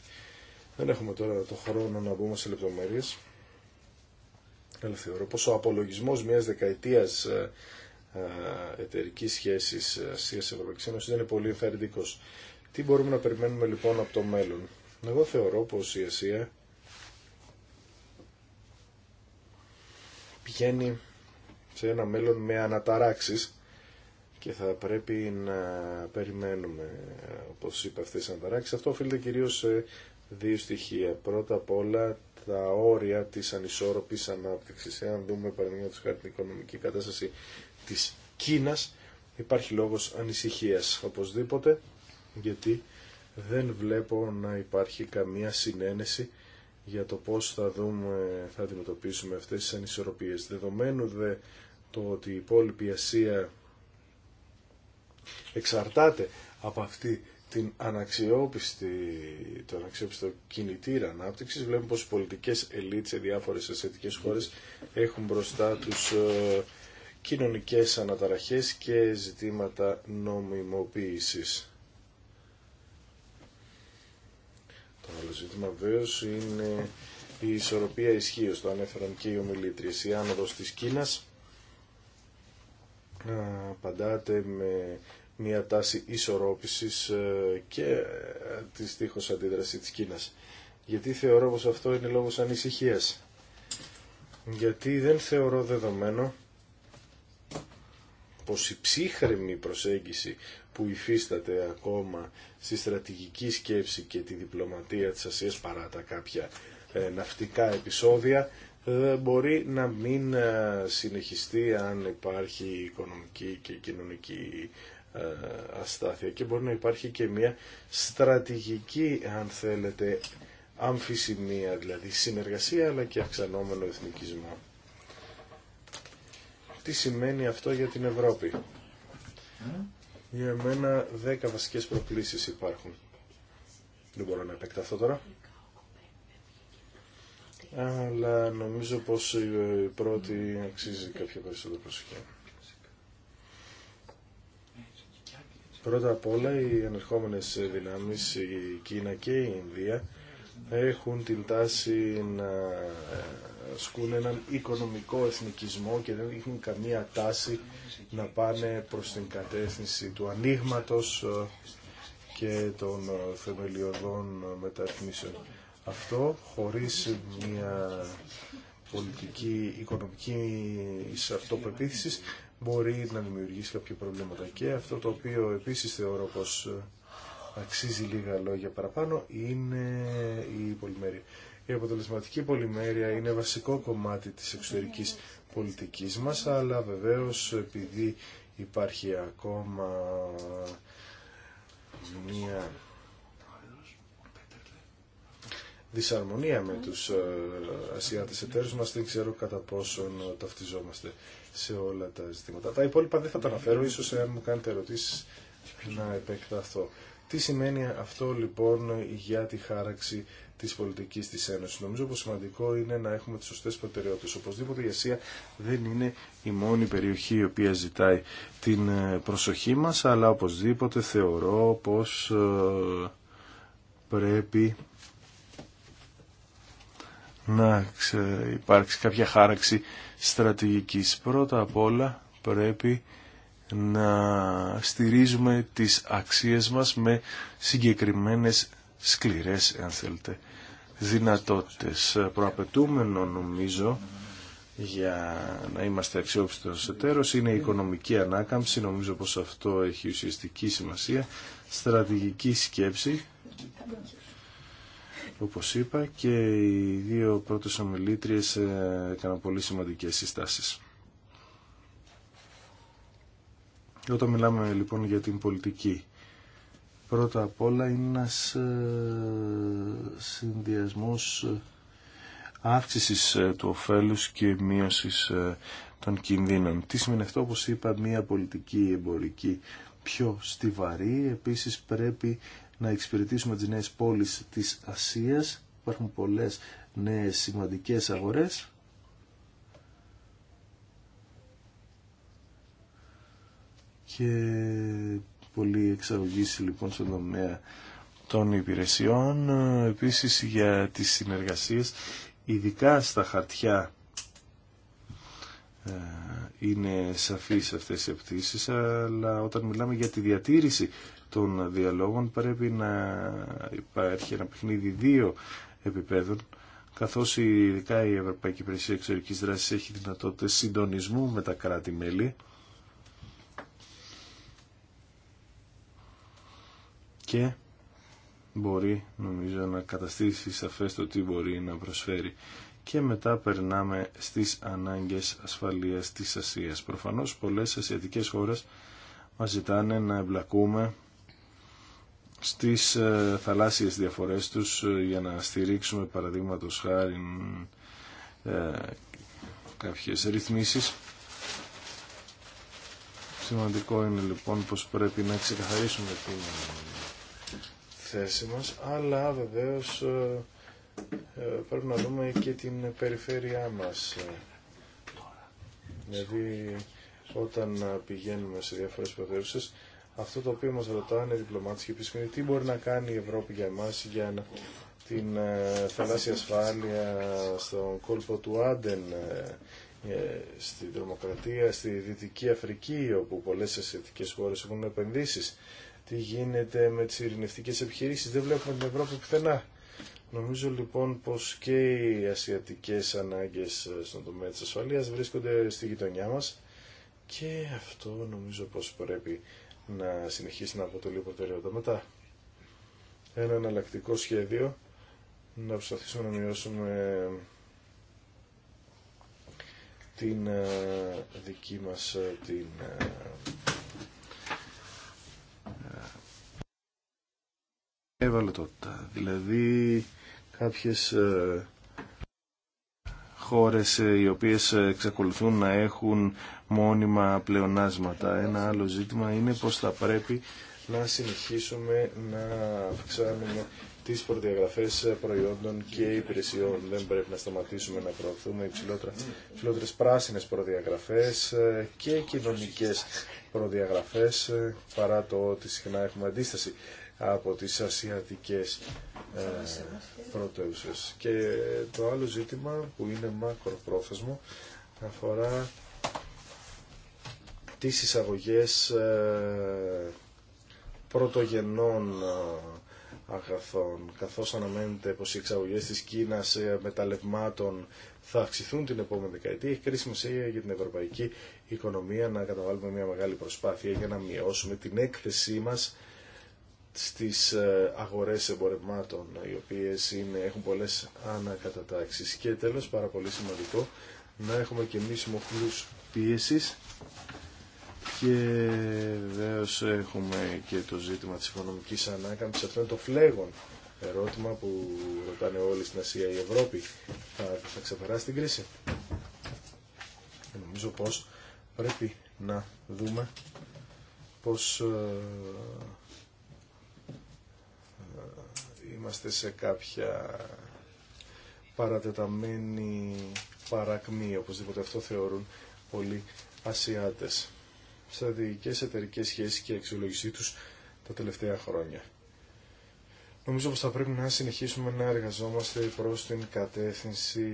Δεν έχουμε τώρα το χρόνο να μπούμε σε λεπτομέρειες. Αλλά θεωρώ πως ο απολογισμός μιας δεκαετίας ε, ε, εταιρική σχέσης Ασία-Ευρωπαϊκής δεν είναι πολύ ενθαρρυντικός. Τι μπορούμε να περιμένουμε λοιπόν από το μέλλον. Εγώ θεωρώ πως η Ασία πηγαίνει σε ένα μέλλον με αναταράξεις και θα πρέπει να περιμένουμε, ε, όπως είπα, αυτές τις αναταράξεις. Αυτό οφείλεται κυρίως σε δύο στοιχεία. Πρώτα απ' όλα τα όρια της ανισόρροπης ανάπτυξης. Εάν δούμε παραδείγματος χάρη την οικονομική κατάσταση της Κίνας, υπάρχει λόγος ανησυχίας οπωσδήποτε, γιατί δεν βλέπω να υπάρχει καμία συνένεση για το πώς θα, δούμε, θα αντιμετωπίσουμε αυτές τις ανισορροπίες. Δεδομένου δε το ότι η υπόλοιπη Ασία εξαρτάται από αυτή την αναξιόπιστη, το αναξιόπιστο κινητήρα ανάπτυξη. Βλέπουμε πω οι πολιτικέ ελίτ σε διάφορε ασιατικέ χώρε έχουν μπροστά του ε, κοινωνικέ αναταραχέ και ζητήματα νομιμοποίηση. Το άλλο ζήτημα βεβαίω είναι η ισορροπία ισχύω. Το ανέφεραν και οι ομιλήτριε. Η άνοδο τη Κίνα ε, απαντάτε με μια τάση ισορρόπησης ε, και τη τείχος αντίδραση της Κίνας. Γιατί θεωρώ πως αυτό είναι λόγος ανησυχίας. Γιατί δεν θεωρώ δεδομένο πως η ψύχρεμη προσέγγιση που υφίσταται ακόμα στη στρατηγική σκέψη και τη διπλωματία της Ασίας παρά τα κάποια ε, ναυτικά επεισόδια ε, μπορεί να μην συνεχιστεί αν υπάρχει οικονομική και κοινωνική ε, αστάθεια και μπορεί να υπάρχει και μια στρατηγική αν θέλετε αμφισημία δηλαδή συνεργασία αλλά και αυξανόμενο εθνικισμό. Τι σημαίνει αυτό για την Ευρώπη. Για μένα δέκα βασικές προκλήσεις υπάρχουν. Δεν μπορώ να επεκταθώ τώρα. Αλλά νομίζω πως η πρώτη αξίζει κάποια περισσότερη προσοχή. Πρώτα απ' όλα οι ανερχόμενες δυνάμεις, η Κίνα και η Ινδία, έχουν την τάση να ε, ασκούν έναν οικονομικό εθνικισμό και δεν έχουν καμία τάση να πάνε προς την κατεύθυνση του ανοίγματο ε, και των ε, θεμελιωδών μεταρρυθμίσεων. Αυτό χωρίς μια πολιτική, οικονομική αυτοπεποίθησης μπορεί να δημιουργήσει κάποια προβλήματα. Και αυτό το οποίο επίσης θεωρώ πως ε, αξίζει λίγα λόγια παραπάνω είναι η πολυμέρεια. Η αποτελεσματική πολυμέρεια είναι βασικό κομμάτι της εξωτερικής πολιτικής μας, αλλά βεβαίως επειδή υπάρχει ακόμα μία δυσαρμονία με τους ε, ασιάτες εταίρους μας, δεν ξέρω κατά πόσον ταυτιζόμαστε σε όλα τα ζητήματα. Τα υπόλοιπα δεν θα τα αναφέρω, ίσως αν μου κάνετε ερωτήσεις να επεκταθώ. Τι σημαίνει αυτό λοιπόν για τη χάραξη τη πολιτική τη Ένωση. Νομίζω πω σημαντικό είναι να έχουμε τι σωστέ προτεραιότητε. Οπωσδήποτε η Ασία δεν είναι η μόνη περιοχή η οποία ζητάει την ε, προσοχή μα, αλλά οπωσδήποτε θεωρώ πω ε, πρέπει να υπάρξει κάποια χάραξη στρατηγικής. Πρώτα απ' όλα πρέπει να στηρίζουμε τις αξίες μας με συγκεκριμένες σκληρές, αν θέλετε, δυνατότητες. Προαπαιτούμενο νομίζω για να είμαστε αξιόπιστος εταίρος είναι η οικονομική ανάκαμψη, νομίζω πως αυτό έχει ουσιαστική σημασία, στρατηγική σκέψη όπως είπα και οι δύο πρώτες ομιλήτριες ε, έκαναν πολύ σημαντικές συστάσεις. Όταν μιλάμε λοιπόν για την πολιτική, πρώτα απ' όλα είναι ένας ε, συνδυασμός ε, αύξησης του ωφέλους και μείωσης των κινδύνων. Τι σημαίνει αυτό, όπως είπα, μια πολιτική εμπορική πιο στιβαρή. Επίσης πρέπει να εξυπηρετήσουμε τις νέες πόλεις της Ασίας. Υπάρχουν πολλές νέες σημαντικές αγορές. Και πολύ εξαγωγήση λοιπόν στον τομέα των υπηρεσιών. Επίσης για τις συνεργασίες, ειδικά στα χαρτιά ε, είναι σαφείς αυτές οι απτήσεις, αλλά όταν μιλάμε για τη διατήρηση των διαλόγων πρέπει να υπάρχει ένα παιχνίδι δύο επιπέδων καθώς ειδικά η Ευρωπαϊκή Υπηρεσία Εξωτερικής Δράσης έχει δυνατότητα συντονισμού με τα κράτη-μέλη και μπορεί νομίζω να καταστήσει σαφές το τι μπορεί να προσφέρει και μετά περνάμε στις ανάγκες ασφαλείας της Ασίας. Προφανώς πολλές ασιατικές χώρες μας ζητάνε να εμπλακούμε στις ε, θαλάσσιες διαφορές τους ε, για να στηρίξουμε παραδείγματο χάρη ε, κάποιες ρυθμίσεις. Σημαντικό είναι λοιπόν πως πρέπει να ξεκαθαρίσουμε την θέση μας, αλλά βεβαίως πρέπει να δούμε και την περιφέρειά μας. Δηλαδή όταν πηγαίνουμε σε διάφορες περιφέρειες αυτό το οποίο μας ρωτάνε οι διπλωμάτες και επισημαίνει τι μπορεί να κάνει η Ευρώπη για εμάς για να την ε, θαλάσσια ασφάλεια στον κόλπο του Άντεν, ε, ε, στην τρομοκρατία, στη Δυτική Αφρική, όπου πολλές ασιατικέ χώρες έχουν επενδύσεις. Τι γίνεται με τις ειρηνευτικές επιχειρήσεις. Δεν βλέπουμε την Ευρώπη πουθενά. Νομίζω λοιπόν πως και οι ασιατικές ανάγκες στον τομέα της ασφαλείας βρίσκονται στη γειτονιά μας και αυτό νομίζω πως πρέπει να συνεχίσει να αποτελεί προτεραιότητα. Μετά, ένα εναλλακτικό σχέδιο να προσπαθήσουμε να μειώσουμε την ε, δική μας ε, την ε, ευαλωτότητα. Δηλαδή κάποιες χώρες ε, οι οποίες ε, εξακολουθούν να έχουν μόνιμα πλεονάσματα. Ένα άλλο ζήτημα είναι πως θα πρέπει να συνεχίσουμε να αυξάνουμε τις προδιαγραφές ε, προϊόντων και υπηρεσιών. Δεν πρέπει να σταματήσουμε να προωθούμε υψηλότερε πράσινες προδιαγραφές και κοινωνικές προδιαγραφές παρά το ότι συχνά έχουμε αντίσταση από τις ασιατικές ε, πρωτεύουσες. Και το άλλο ζήτημα που είναι μακροπρόθεσμο αφορά τις εισαγωγές ε, πρωτογενών ε, αγαθών, καθώς αναμένεται πως οι εξαγωγές της Κίνας μεταλλευμάτων θα αυξηθούν την επόμενη δεκαετία, έχει κρίσιμη σημασία για την ευρωπαϊκή οικονομία να καταβάλουμε μια μεγάλη προσπάθεια για να μειώσουμε την έκθεσή μας στις ε, αγορές εμπορευμάτων, οι οποίες είναι, έχουν πολλές ανακατατάξεις. Και τέλος, πάρα πολύ σημαντικό, να έχουμε και εμείς μοχλούς πίεσης και βεβαίω έχουμε και το ζήτημα της οικονομικής ανάκαμψης. Αυτό είναι το φλέγον ερώτημα που ρωτάνε όλοι στην Ασία η Ευρώπη. Θα, θα ξεπεράσει την κρίση. Νομίζω πως πρέπει να δούμε πως ε, είμαστε σε κάποια παρατεταμένη παρακμή, οπωσδήποτε αυτό θεωρούν πολλοί Ασιάτες. Στρατηγικές εταιρικές σχέσεις και αξιολόγησή τους τα τελευταία χρόνια. Νομίζω πως θα πρέπει να συνεχίσουμε να εργαζόμαστε προς την κατεύθυνση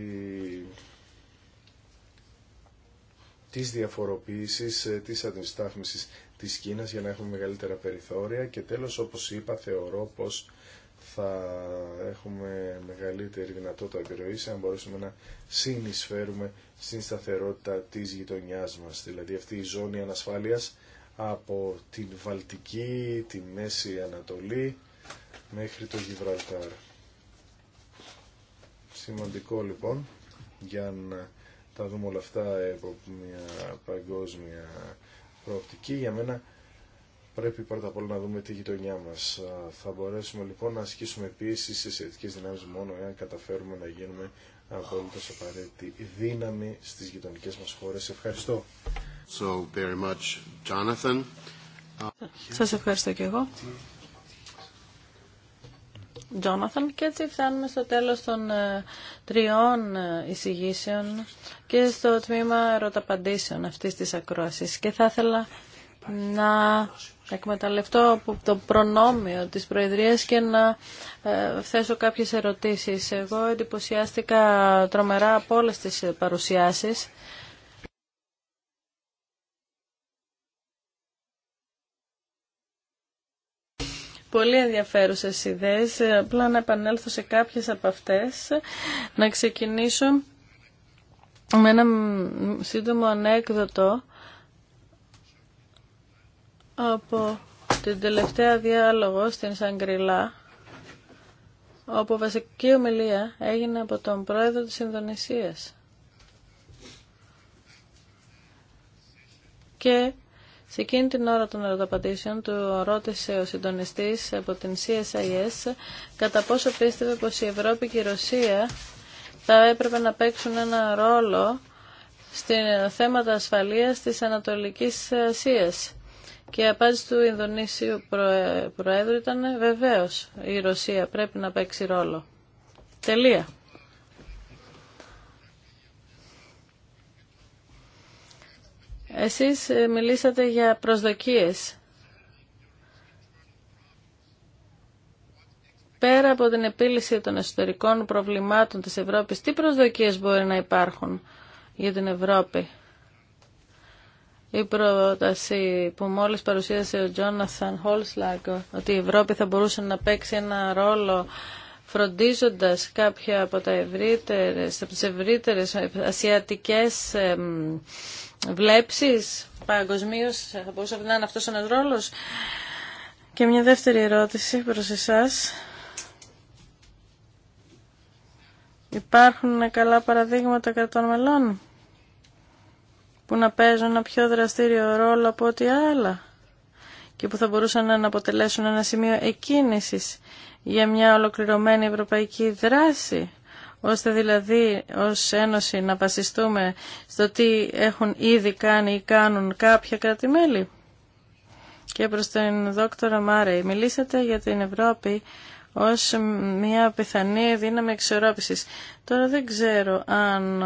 της διαφοροποίησης, ε, της αντιστάθμισης της Κίνας για να έχουμε μεγαλύτερα περιθώρια και τέλος όπως είπα θεωρώ πως θα έχουμε μεγαλύτερη δυνατότητα επιρροή. αν μπορέσουμε να συνεισφέρουμε στην σταθερότητα της γειτονιάς μας. Δηλαδή αυτή η ζώνη ανασφάλειας από την Βαλτική, τη Μέση Ανατολή μέχρι το Γιβραλτάρ. Σημαντικό λοιπόν για να τα δούμε όλα αυτά από μια παγκόσμια προοπτική για μένα πρέπει πρώτα απ' όλα να δούμε τη γειτονιά μα. Θα μπορέσουμε λοιπόν να ασκήσουμε πίεση στις σχετικέ δυνάμει μόνο εάν καταφέρουμε να γίνουμε απόλυτα απαραίτητη δύναμη στι γειτονικέ μα χώρε. Ευχαριστώ. So very much, Jonathan. Σας ευχαριστώ και εγώ. Jonathan και έτσι φτάνουμε στο τέλος των ε, τριών ε, εισηγήσεων και στο τμήμα ερωταπαντήσεων αυτή τη ακρόασης και θα ήθελα να εκμεταλλευτώ το προνόμιο της Προεδρίας και να ε, θέσω κάποιες ερωτήσεις. Εγώ εντυπωσιάστηκα τρομερά από όλες τις παρουσιάσεις. Πολύ ενδιαφέρουσες ιδέες. Απλά να επανέλθω σε κάποιες από αυτές. Να ξεκινήσω με ένα σύντομο ανέκδοτο από την τελευταία διάλογο στην Σαγκριλά όπου βασική ομιλία έγινε από τον πρόεδρο της Ινδονησίας και σε εκείνη την ώρα των ερωταπαντήσεων του ρώτησε ο συντονιστής από την CSIS κατά πόσο πίστευε πως η Ευρώπη και η Ρωσία θα έπρεπε να παίξουν ένα ρόλο στην θέματα ασφαλείας της Ανατολικής Ασίας. Και η απάντηση του Ινδονήσιου Προέδρου ήταν βεβαίω η Ρωσία πρέπει να παίξει ρόλο. Τελεία. Εσείς ε, μιλήσατε για προσδοκίες. Πέρα από την επίλυση των εσωτερικών προβλημάτων της Ευρώπης, τι προσδοκίες μπορεί να υπάρχουν για την Ευρώπη η πρόταση που μόλις παρουσίασε ο Τζόναθαν Χόλσλακ ότι η Ευρώπη θα μπορούσε να παίξει ένα ρόλο φροντίζοντας κάποια από, τα ευρύτερες, από τις ευρύτερες ασιατικές βλέψεις παγκοσμίω θα μπορούσε να είναι αυτός ένας ρόλος. Και μια δεύτερη ερώτηση προς εσάς. Υπάρχουν καλά παραδείγματα κρατών μελών που να παίζουν ένα πιο δραστήριο ρόλο από ό,τι άλλα και που θα μπορούσαν να αποτελέσουν ένα σημείο εκκίνησης για μια ολοκληρωμένη ευρωπαϊκή δράση ώστε δηλαδή ως Ένωση να βασιστούμε στο τι έχουν ήδη κάνει ή κάνουν κάποια Και προς τον δόκτωρα Μάρε μιλήσατε για την Ευρώπη ως μια πιθανή δύναμη εξορρόπησης. Τώρα δεν ξέρω αν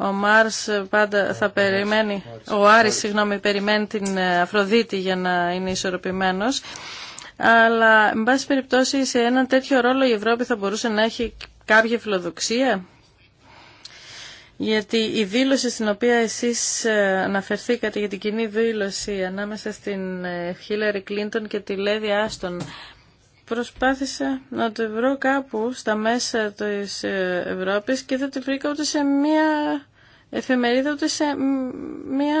ο Μάρς πάντα θα περιμένει, ο Άρης συγγνώμη, περιμένει την ε, Αφροδίτη για να είναι ισορροπημένος. Αλλά, με πάση περιπτώσει, σε έναν τέτοιο ρόλο η Ευρώπη θα μπορούσε να έχει κάποια φιλοδοξία. Γιατί η δήλωση στην οποία εσείς ε, αναφερθήκατε για την κοινή δήλωση ανάμεσα στην ε, Χίλαρη Κλίντον και τη Λέδη Άστον προσπάθησα να το βρω κάπου στα μέσα της Ευρώπης και δεν το βρήκα ούτε σε μία εφημερίδα ούτε σε μία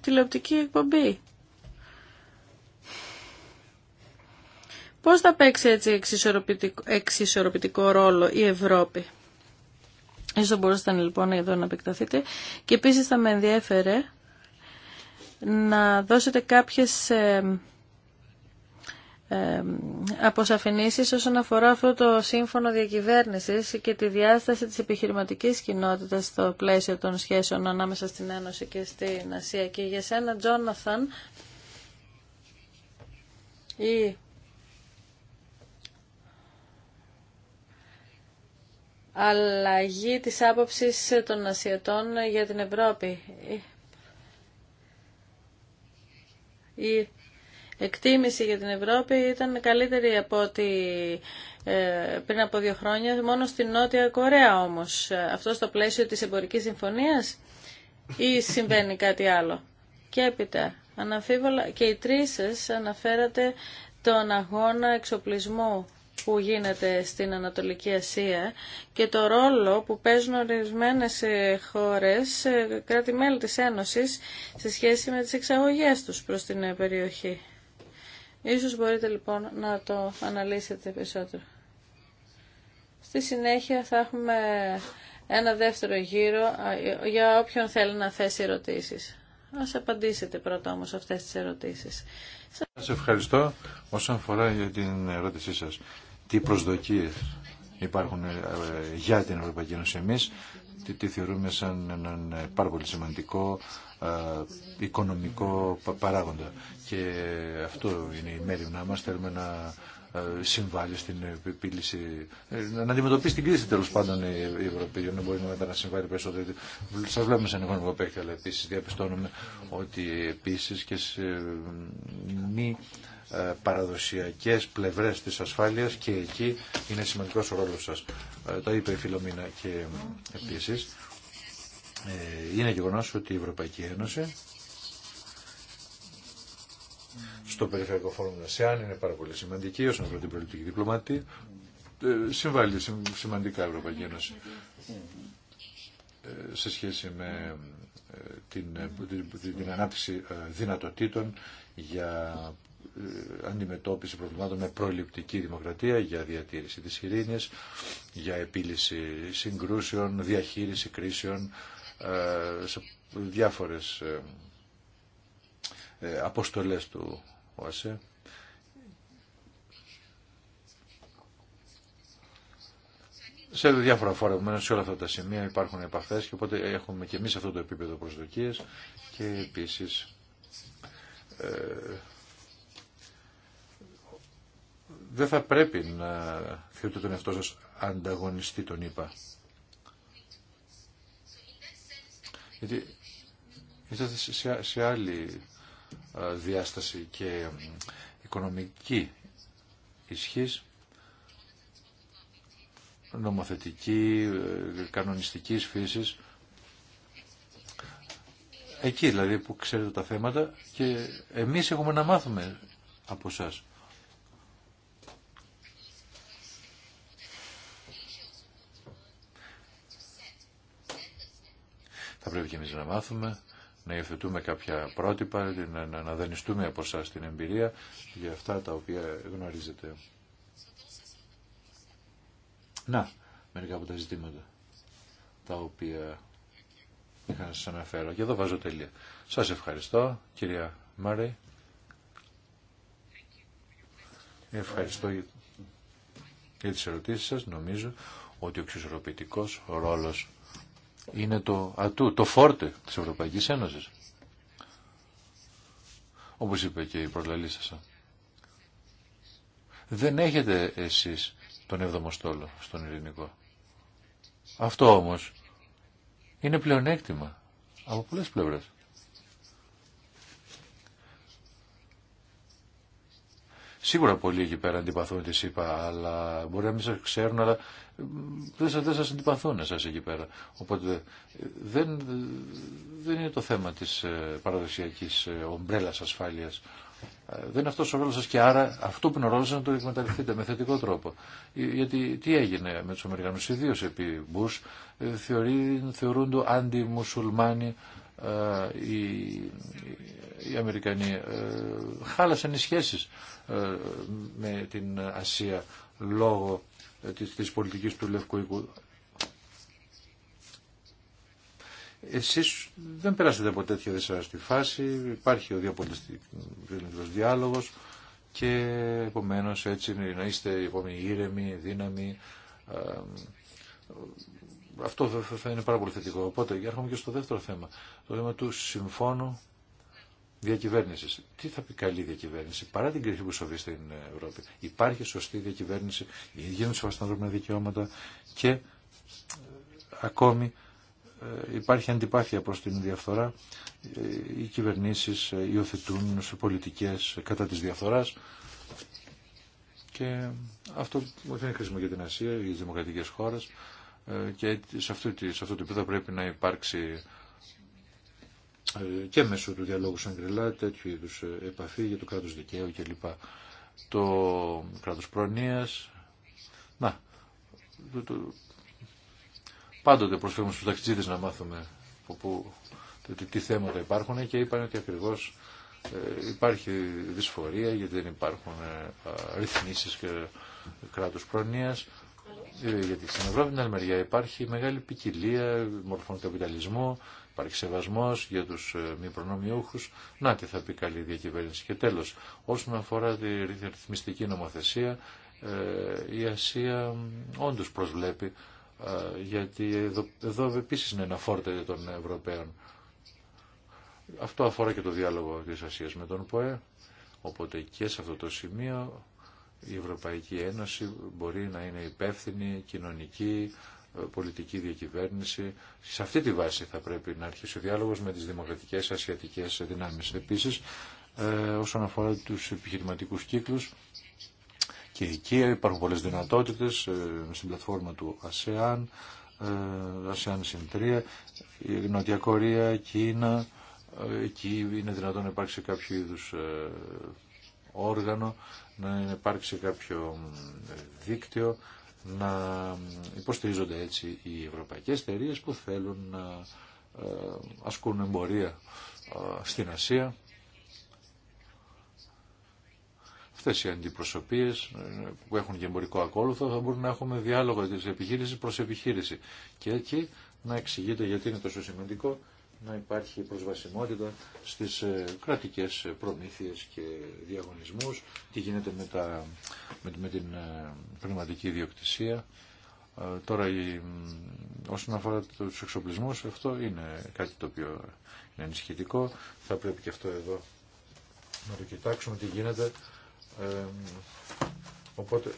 τηλεοπτική εκπομπή. Πώς θα παίξει έτσι εξισορροπητικό, ρόλο η Ευρώπη. Ίσως μπορούσατε λοιπόν εδώ να επεκταθείτε και επίσης θα με ενδιέφερε να δώσετε κάποιες ε, αποσαφηνήσεις όσον αφορά αυτό το σύμφωνο διακυβέρνησης και τη διάσταση της επιχειρηματικής κοινότητας στο πλαίσιο των σχέσεων ανάμεσα στην Ένωση και στην Ασία. Και για σένα, Τζόναθαν, η αλλαγή της άποψης των Ασιατών για την Ευρώπη. Η εκτίμηση για την Ευρώπη ήταν καλύτερη από ό,τι ε, πριν από δύο χρόνια, μόνο στην Νότια Κορέα όμως. Αυτό στο πλαίσιο της εμπορικής συμφωνίας ή συμβαίνει κάτι άλλο. Και έπειτα, και οι τρεις σας αναφέρατε τον αγώνα εξοπλισμού που γίνεται στην Ανατολική Ασία και το ρόλο που παίζουν ορισμένες ε, χώρες, ε, κράτη-μέλη της Ένωσης, σε σχέση με τις εξαγωγές τους προς την περιοχή. Ίσως μπορείτε λοιπόν να το αναλύσετε περισσότερο. Στη συνέχεια θα έχουμε ένα δεύτερο γύρο για όποιον θέλει να θέσει ερωτήσεις. Ας απαντήσετε πρώτα όμως αυτές τις ερωτήσεις. Σας ευχαριστώ όσον αφορά για την ερώτησή σας. Τι προσδοκίες υπάρχουν ε, ε, για την Ευρωπαϊκή Ένωση εμείς τι, τι θεωρούμε σαν έναν ε, πάρα πολύ σημαντικό ε, οικονομικό παράγοντα. Και αυτό είναι η μέρη μας. Θέλουμε να ε, συμβάλλει στην επίλυση, να αντιμετωπίσει την κρίση τέλο πάντων η Ευρωπαϊκή να μπορεί να συμβάλλει περισσότερο. Σα βλέπουμε σαν οικονομικό παίκτη, αλλά επίση διαπιστώνουμε ότι επίση και σε μη ε, παραδοσιακές πλευρές της ασφάλειας και εκεί είναι σημαντικός ο ρόλος σας. Ε, το είπε η Φιλομίνα και επίσης. Ε, είναι γεγονός ότι η Ευρωπαϊκή Ένωση στο περιφερειακό φόρουμ του ΑΣΕΑΝ είναι πάρα πολύ σημαντική όσον αφορά την πολιτική διπλωμάτη Συμβάλλει σημαντικά η Ευρωπαϊκή Ένωση σε σχέση με την, την, την ανάπτυξη δυνατοτήτων για αντιμετώπιση προβλημάτων με προληπτική δημοκρατία για διατήρηση της ειρήνης, για επίλυση συγκρούσεων, διαχείριση κρίσεων ε, σε διάφορες ε, ε, αποστολές του ΟΑΣΕ. σε διάφορα φόρα επομένω σε όλα αυτά τα σημεία υπάρχουν επαφέ και οπότε έχουμε και εμεί αυτό το επίπεδο προσδοκίε και επίση δεν θα πρέπει να θεωρείτε τον εαυτό σας ανταγωνιστή, τον είπα. Γιατί είστε σε, άλλη διάσταση και οικονομική ισχύς, νομοθετική, ε, κανονιστικής φύσης, εκεί δηλαδή που ξέρετε τα θέματα και εμείς έχουμε να μάθουμε από σας. Θα πρέπει και εμείς να μάθουμε, να υιοθετούμε κάποια πρότυπα, να, να δανειστούμε από εσά την εμπειρία για αυτά τα οποία γνωρίζετε. Να, μερικά από τα ζητήματα τα οποία είχα να σας αναφέρω. Και εδώ βάζω τελεία. Σας ευχαριστώ, κυρία Μάρε. Ευχαριστώ για τις ερωτήσεις σας. Νομίζω ότι ο εξισορροπητικός ρόλος είναι το ατού, το φόρτε της Ευρωπαϊκής Ένωσης. Όπως είπε και η σας Δεν έχετε εσείς τον 7ο στον ειρηνικό. Αυτό όμως είναι πλεονέκτημα από πολλές πλευρές. Σίγουρα πολλοί εκεί πέρα αντιπαθούν τη είπα αλλά μπορεί να μην σα ξέρουν, αλλά δεν, δεν σα αντιπαθούν εσά εκεί πέρα. Οπότε δεν, δεν είναι το θέμα τη ε, παραδοσιακή ε, ομπρέλα ασφάλεια. Ε, δεν είναι αυτό ο ρόλο σα και άρα αυτό που είναι ο ρόλο σα να το εκμεταλλευτείτε με θετικό τρόπο. Γιατί τι έγινε με του Αμερικανού, ιδίω επί Μπού, θεωρούν το αντιμουσουλμάνοι οι, ε, οι Αμερικανοί ε, χάλασαν οι σχέσεις ε, με την Ασία λόγω της, της πολιτικής του Λευκού Οίκου. Εσείς δεν περάσετε από τέτοια δεσσαραστή φάση, υπάρχει ο διαπολιτικός διάλογος και επομένως έτσι να είστε ήρεμοι, δύναμοι, αυτό θα είναι πάρα πολύ θετικό. Οπότε, έρχομαι και στο δεύτερο θέμα. Το θέμα του συμφώνου διακυβέρνηση. Τι θα πει καλή διακυβέρνηση, παρά την κρίση που σοβεί στην Ευρώπη. Υπάρχει σωστή διακυβέρνηση, γίνονται σεβαστά ανθρώπινα δικαιώματα και ε, ακόμη ε, υπάρχει αντιπάθεια προς την διαφθορά. Ε, οι κυβερνήσεις υιοθετούν σε πολιτικές κατά της διαφθοράς και αυτό δεν είναι χρήσιμο για την Ασία, για τις δημοκρατικές χώρες. Ε, και σε αυτό, σε αυτό το επίπεδο πρέπει να υπάρξει ε, και μέσω του διαλόγου Σαγκριλά τέτοιου είδους ε, επαφή για το κράτος δικαίου κλπ. Το κράτος προνοίας, να, το, το, πάντοτε προσφέρουμε στους ταξιτζίδες να μάθουμε που, τι, τι θέματα υπάρχουν και είπαν ότι ακριβώς υπάρχει δυσφορία γιατί δεν υπάρχουν ρυθμίσεις και κράτος προνοίας ε, γιατί στην Ευρώπη την άλλη μεριά υπάρχει μεγάλη ποικιλία μορφών καπιταλισμού, υπάρχει σεβασμό για του ε, μη προνομιούχου. Να τι θα πει καλή διακυβέρνηση. Και τέλο, όσον αφορά τη ρυθμιστική νομοθεσία, ε, η Ασία όντω προσβλέπει, γιατί εδώ, εδώ επίση είναι ένα φόρτε των Ευρωπαίων. Αυτό αφορά και το διάλογο της Ασίας με τον ΠΟΕ, οπότε και σε αυτό το σημείο η Ευρωπαϊκή Ένωση μπορεί να είναι υπεύθυνη, κοινωνική, ε, πολιτική διακυβέρνηση. Σε αυτή τη βάση θα πρέπει να αρχίσει ο διάλογος με τις δημοκρατικές ασιατικές δυνάμεις. Επίσης, ε, όσον αφορά τους επιχειρηματικούς κύκλους, και εκεί υπάρχουν πολλές δυνατότητες ε, στην πλατφόρμα του ΑΣΕΑΝ ΑΣΕΑΝ συν η Νότια Κορία, Κίνα, εκεί είναι δυνατόν να υπάρξει κάποιο είδους όργανο να υπάρξει κάποιο δίκτυο να υποστηρίζονται έτσι οι ευρωπαϊκές εταιρείε που θέλουν να ε, ασκούν εμπορία ε, στην Ασία. Αυτές οι αντιπροσωπείες ε, που έχουν και εμπορικό ακόλουθο θα μπορούν να έχουμε διάλογο της επιχείρησης προς επιχείρηση και εκεί να εξηγείται γιατί είναι τόσο σημαντικό να υπάρχει προσβασιμότητα στις ε, κρατικές ε, προμήθειες και διαγωνισμούς, τι γίνεται με, τα, με, με την ε, πνευματική ιδιοκτησία. Τώρα, όσον αφορά τους εξοπλισμούς, αυτό είναι κάτι το οποίο είναι ενισχυτικό. Θα πρέπει και αυτό εδώ να το κοιτάξουμε τι γίνεται. οπότε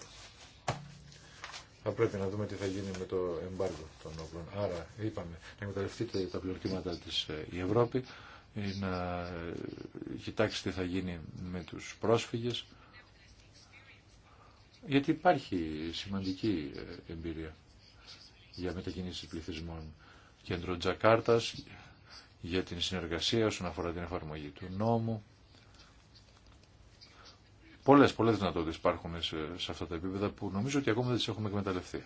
θα πρέπει να δούμε τι θα γίνει με το εμπάργκο των όπλων. Άρα είπαμε να εκμεταλλευτείτε τα πλειοκτήματα της ε, η Ευρώπη, να ε, κοιτάξει τι θα γίνει με τους πρόσφυγες, γιατί υπάρχει σημαντική ε, εμπειρία για μετακινήσεις πληθυσμών κέντρο Τζακάρτας, για την συνεργασία όσον αφορά την εφαρμογή του νόμου, Πολλέ πολλές δυνατότητες υπάρχουν σε, αυτά τα επίπεδα που νομίζω ότι ακόμα δεν τι έχουμε εκμεταλλευτεί.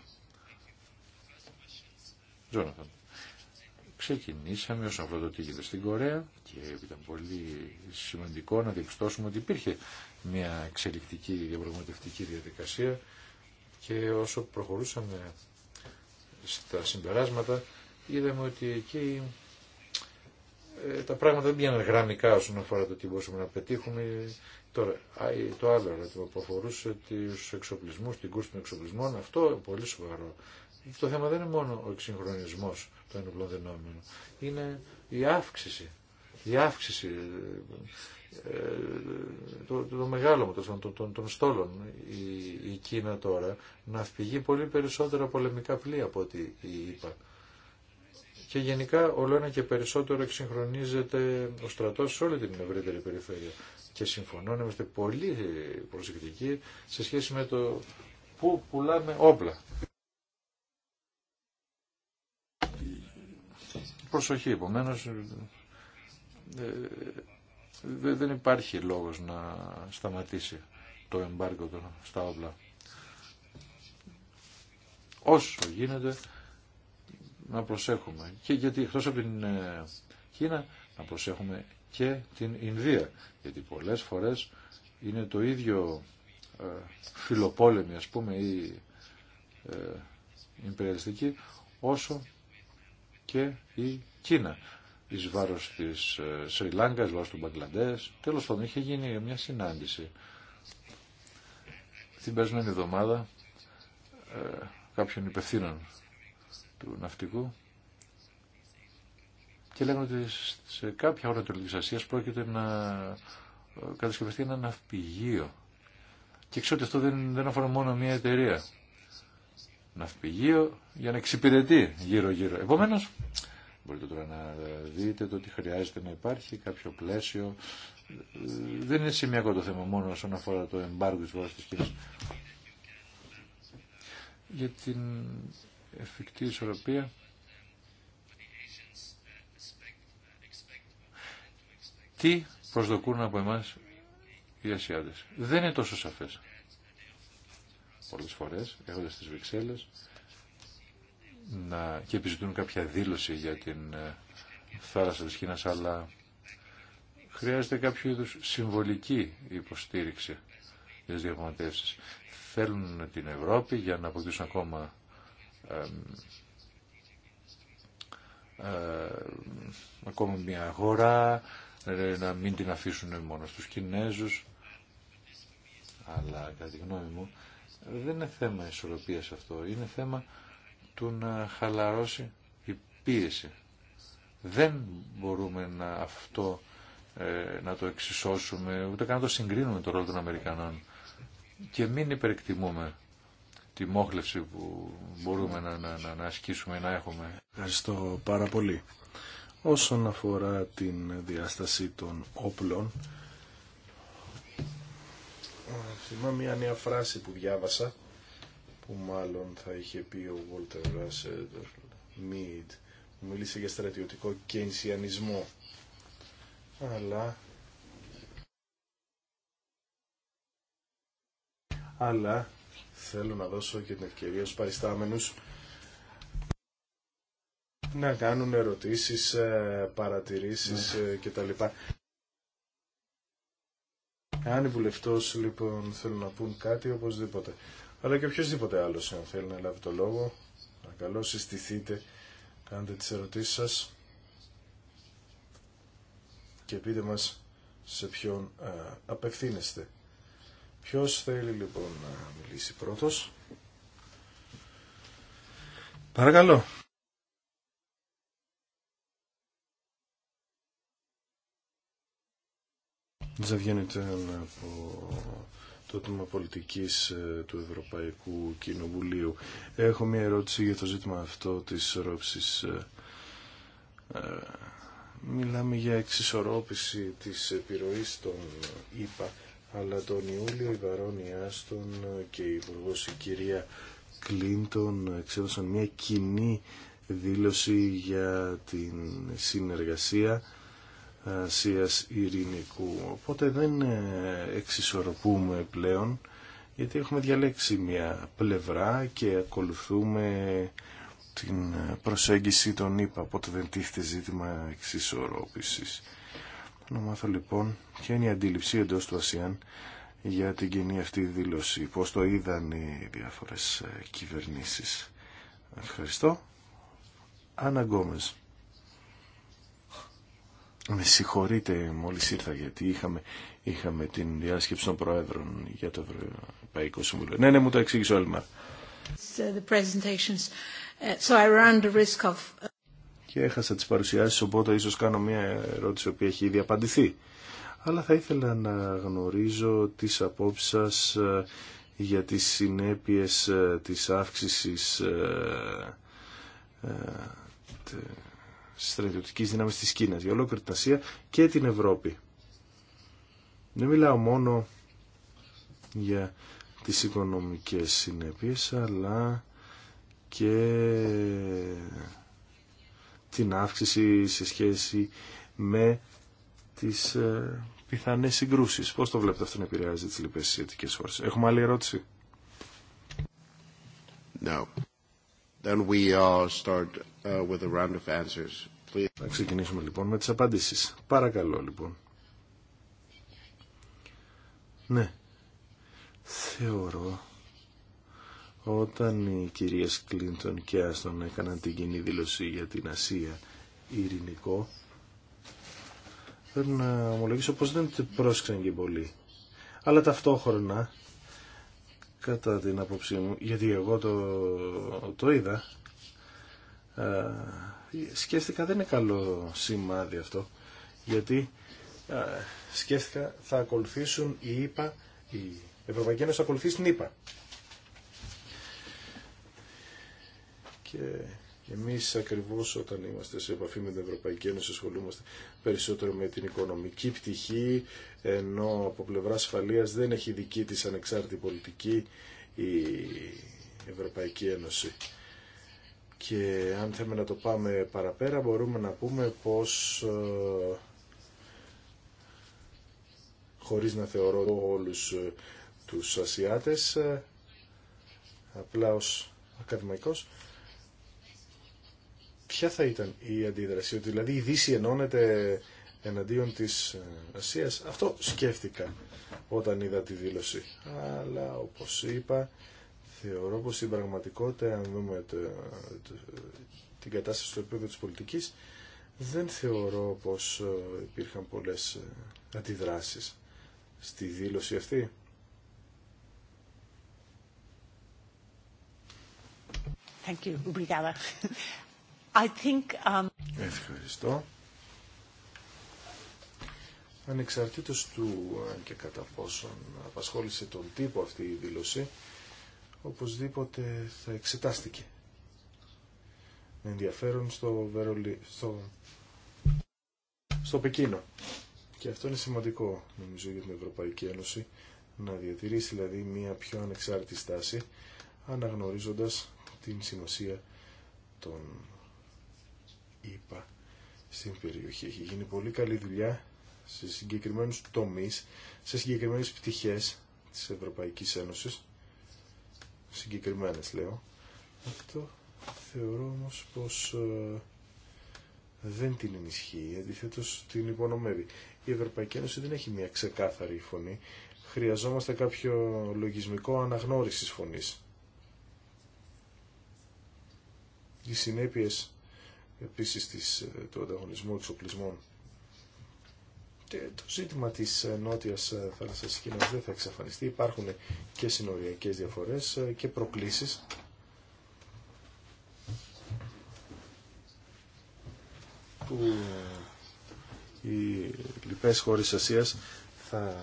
Ξεκινήσαμε όσον αφορά το τι γίνεται στην Κορέα και ήταν πολύ σημαντικό να διαπιστώσουμε ότι υπήρχε μια εξελικτική διαπραγματευτική διαδικασία και όσο προχωρούσαμε στα συμπεράσματα είδαμε ότι εκεί ε, τα πράγματα δεν πήγαιναν γραμμικά όσον αφορά το τι μπορούσαμε να πετύχουμε. Τώρα, το άλλο ερώτημα που αφορούσε του εξοπλισμού, την κούρση των εξοπλισμών, αυτό πολύ σοβαρό. Το θέμα δεν είναι μόνο ο εξυγχρονισμό των ενοπλών δυνάμεων, είναι η αύξηση. Η αύξηση, ε, ε, το, το, μεγάλο των, στόλων η, η Κίνα τώρα να φυγεί πολύ περισσότερα πολεμικά πλοία από ό,τι είπα και γενικά όλο ένα και περισσότερο εξυγχρονίζεται ο στρατός σε όλη την ευρύτερη περιφέρεια. Και συμφωνώ να είμαστε πολύ προσεκτικοί σε σχέση με το πού πουλάμε όπλα. Προσοχή, επομένω. Ε, δεν υπάρχει λόγος να σταματήσει το εμπάρκο στα όπλα. Όσο γίνεται να προσέχουμε. Και γιατί εκτός από την ε, Κίνα να προσέχουμε και την Ινδία. Γιατί πολλές φορές είναι το ίδιο ε, φιλοπόλεμη ας πούμε ή ε, όσο και η Κίνα εις βάρος της ε, Σρι Λάγκα, εις βάρος του Μπαγκλαντές. Τέλος πάντων, είχε γίνει μια συνάντηση την περασμένη εβδομάδα ε, κάποιων υπευθύνων του ναυτικού και λέγανε ότι σε κάποια ώρα της Ασίας πρόκειται να ε, κατασκευαστεί ένα ναυπηγείο. Και ξέρω ότι αυτό δεν, δεν αφορά μόνο μία εταιρεία. Ναυπηγείο για να εξυπηρετεί γύρω-γύρω. Επομένως, μπορείτε τώρα να δείτε το ότι χρειάζεται να υπάρχει κάποιο πλαίσιο. Δεν είναι σημειακό το θέμα μόνο όσον αφορά το εμπάργο της βάσης της Για την εφικτή ισορροπία τι προσδοκούν από εμάς οι Ασιάδες. Δεν είναι τόσο σαφές. Πολλές φορές έχοντας στις Βρυξέλλες να... και επιζητούν κάποια δήλωση για την ε, θάλασσα της Κίνας, αλλά χρειάζεται κάποιο είδους συμβολική υποστήριξη για τις διαπραγματεύσεις. Θέλουν την Ευρώπη για να αποκτήσουν ακόμα ε, ακόμα μια αγορά, ε, να μην την αφήσουν μόνο στους Κινέζους. Αλλά κατά τη γνώμη μου δεν είναι θέμα ισορροπίας αυτό, είναι θέμα του να χαλαρώσει η πίεση. Δεν μπορούμε να αυτό ε, να το εξισώσουμε, ούτε καν να το συγκρίνουμε το ρόλο των Αμερικανών. Και μην υπερεκτιμούμε τη μόχλευση που μπορούμε να, να, να ασκήσουμε, να έχουμε. Ευχαριστώ πάρα πολύ. Όσον αφορά την διάσταση των όπλων, θυμάμαι μια νέα φράση που διάβασα, που μάλλον θα είχε πει ο Walter Russell Mead, που μίλησε για στρατιωτικό κενσιανισμό. Αλλά... Αλλά θέλω να δώσω και την ευκαιρία στους παριστάμενους να κάνουν ερωτήσεις, ε, παρατηρήσεις ναι. Ε, κτλ. Αν οι βουλευτός λοιπόν θέλουν να πούν κάτι οπωσδήποτε, αλλά και οποιοδήποτε άλλος αν θέλει να λάβει το λόγο, παρακαλώ συστηθείτε, κάντε τις ερωτήσεις σας και πείτε μας σε ποιον ε, απευθύνεστε. Ποιος θέλει λοιπόν να μιλήσει πρώτος. Παρακαλώ. Δεν βγαίνετε από το τμήμα πολιτικής ε, του Ευρωπαϊκού Κοινοβουλίου. Έχω μια ερώτηση για το ζήτημα αυτό της ρόψης. Ε, ε, μιλάμε για εξισορρόπηση της επιρροής των ΙΠΑ αλλά τον Ιούλιο η Βαρόνη Άστον και η Υπουργό η κυρία Κλίντον εξέδωσαν μια κοινή δήλωση για την συνεργασία Ασίας Ειρηνικού. Οπότε δεν ε, εξισορροπούμε πλέον γιατί έχουμε διαλέξει μια πλευρά και ακολουθούμε την προσέγγιση των ΙΠΑ, οπότε δεν τίθεται ζήτημα εξισορρόπησης να μάθω λοιπόν ποια είναι η αντίληψη εντό του ΑΣΙΑΝ για την κοινή αυτή δήλωση, Πώ το είδαν οι διάφορε κυβερνήσει. Ευχαριστώ. Άννα Γκόμες. Με συγχωρείτε μόλις ήρθα γιατί είχαμε, είχαμε την διάσκεψη των Προέδρων για το Ευρωπαϊκό Συμβουλίο. Ναι, ναι, μου το εξήγησε ο Έλμαρ και έχασα τις παρουσιάσεις οπότε ίσως κάνω μια ερώτηση που έχει ήδη απαντηθεί. Αλλά θα ήθελα να γνωρίζω τις απόψεις σας ε, για τις συνέπειες ε, της αύξησης ε, στρατιωτικής δύναμης της Κίνας για ολόκληρη την Ασία και την Ευρώπη. Δεν μιλάω μόνο για τις οικονομικές συνέπειες αλλά και την αύξηση σε σχέση με τις ε, πιθανές συγκρούσεις. Πώς το βλέπετε αυτό να επηρεάζει τις λοιπές σχετικές φορές. Έχουμε άλλη ερώτηση. Then we uh, start uh, with a round of answers. Please. Να ξεκινήσουμε λοιπόν με τις απαντήσεις. Παρακαλώ λοιπόν. Ναι. Θεωρώ όταν οι κυρίες Κλίντον και Άστον έκαναν την κοινή δήλωση για την Ασία ειρηνικό, θέλω να ομολογήσω πως δεν πρόσεξαν και πολύ. Αλλά ταυτόχρονα, κατά την άποψή μου, γιατί εγώ το, το είδα, σκέφτηκα δεν είναι καλό σημάδι αυτό, γιατί σκέφτηκα θα ακολουθήσουν η ίπα η Ευρωπαϊκή Ένωση θα ακολουθήσει την και εμείς ακριβώς όταν είμαστε σε επαφή με την Ευρωπαϊκή Ένωση ασχολούμαστε περισσότερο με την οικονομική πτυχή ενώ από πλευρά ασφαλείας δεν έχει δική της ανεξάρτητη πολιτική η Ευρωπαϊκή Ένωση. Και αν θέλουμε να το πάμε παραπέρα μπορούμε να πούμε πως ε, χωρίς να θεωρώ όλους ε, τους Ασιάτες ε, απλά ως ακαδημαϊκός ποια θα ήταν η αντίδραση, ότι δηλαδή η Δύση ενώνεται εναντίον της Ασίας. Ε, Αυτό σκέφτηκα όταν είδα τη δήλωση. Αλλά όπως είπα, θεωρώ πως στην πραγματικότητα, αν δούμε την κατάσταση στο επίπεδο της πολιτικής, δεν θεωρώ πως ε, υπήρχαν πολλές ε, αντιδράσεις στη δήλωση αυτή. Thank you. Um, Ευχαριστώ. Ανεξαρτήτως του αν και κατά πόσον απασχόλησε τον τύπο αυτή η δήλωση, οπωσδήποτε θα εξετάστηκε. Με ενδιαφέρον στο, Βερολί... στο... στο Πεκίνο. Και αυτό είναι σημαντικό, νομίζω, για την Ευρωπαϊκή Ένωση, να διατηρήσει δηλαδή μια πιο ανεξάρτητη στάση, αναγνωρίζοντας την σημασία των είπα στην περιοχή. Έχει γίνει πολύ καλή δουλειά σε συγκεκριμένους τομείς, σε συγκεκριμένες πτυχές της Ευρωπαϊκής Ένωσης, συγκεκριμένες λέω. Αυτό θεωρώ όμως πως ε, δεν την ενισχύει, αντιθέτω την υπονομεύει. Η Ευρωπαϊκή Ένωση δεν έχει μια ξεκάθαρη φωνή. Χρειαζόμαστε κάποιο λογισμικό αναγνώρισης φωνής. Οι συνέπειες επίσης της, ε, του ανταγωνισμού εξοπλισμών. Και το ζήτημα της ε, νότιας ε, θάλασσας Κίνας δεν θα εξαφανιστεί. Υπάρχουν και συνοριακές διαφορές και προκλήσεις. που οι λοιπές χώρες Ασίας θα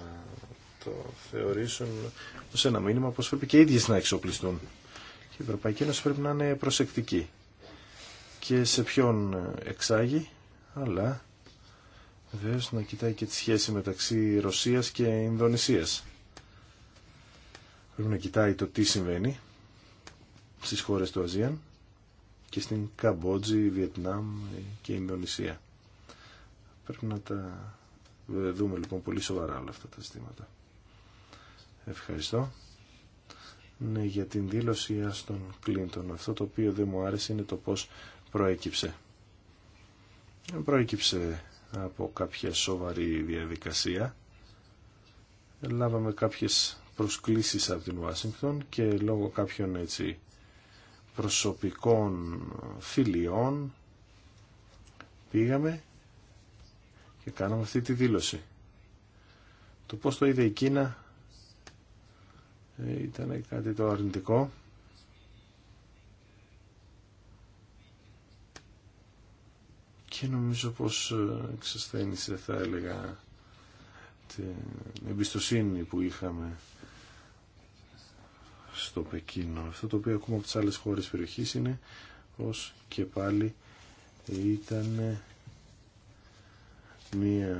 το θεωρήσουν ως ένα μήνυμα πως πρέπει και οι ίδιες να εξοπλιστούν. Και η Ευρωπαϊκή Ένωση πρέπει να είναι προσεκτική και σε ποιον εξάγει, αλλά βέβαια να κοιτάει και τη σχέση μεταξύ Ρωσίας και Ινδονησίας. Πρέπει να κοιτάει το τι συμβαίνει στις χώρες του Αζίαν και στην Καμπότζη, Βιετνάμ και Ινδονησία. Πρέπει να τα δούμε λοιπόν πολύ σοβαρά όλα αυτά τα ζητήματα. Ευχαριστώ. Ναι, για την δήλωση Άστον Κλίντον. Αυτό το οποίο δεν μου άρεσε είναι το πώς προέκυψε. Προέκυψε από κάποια σοβαρή διαδικασία. Λάβαμε κάποιες προσκλήσεις από την Ουάσιγκτον και λόγω κάποιων έτσι προσωπικών φιλιών πήγαμε και κάναμε αυτή τη δήλωση. Το πώς το είδε η Κίνα ε, ήταν κάτι το αρνητικό και νομίζω πως ε, εξασθένησε θα έλεγα την εμπιστοσύνη που είχαμε στο Πεκίνο. Αυτό το οποίο ακούμε από τις άλλες χώρες περιοχής είναι πως και πάλι ήταν μία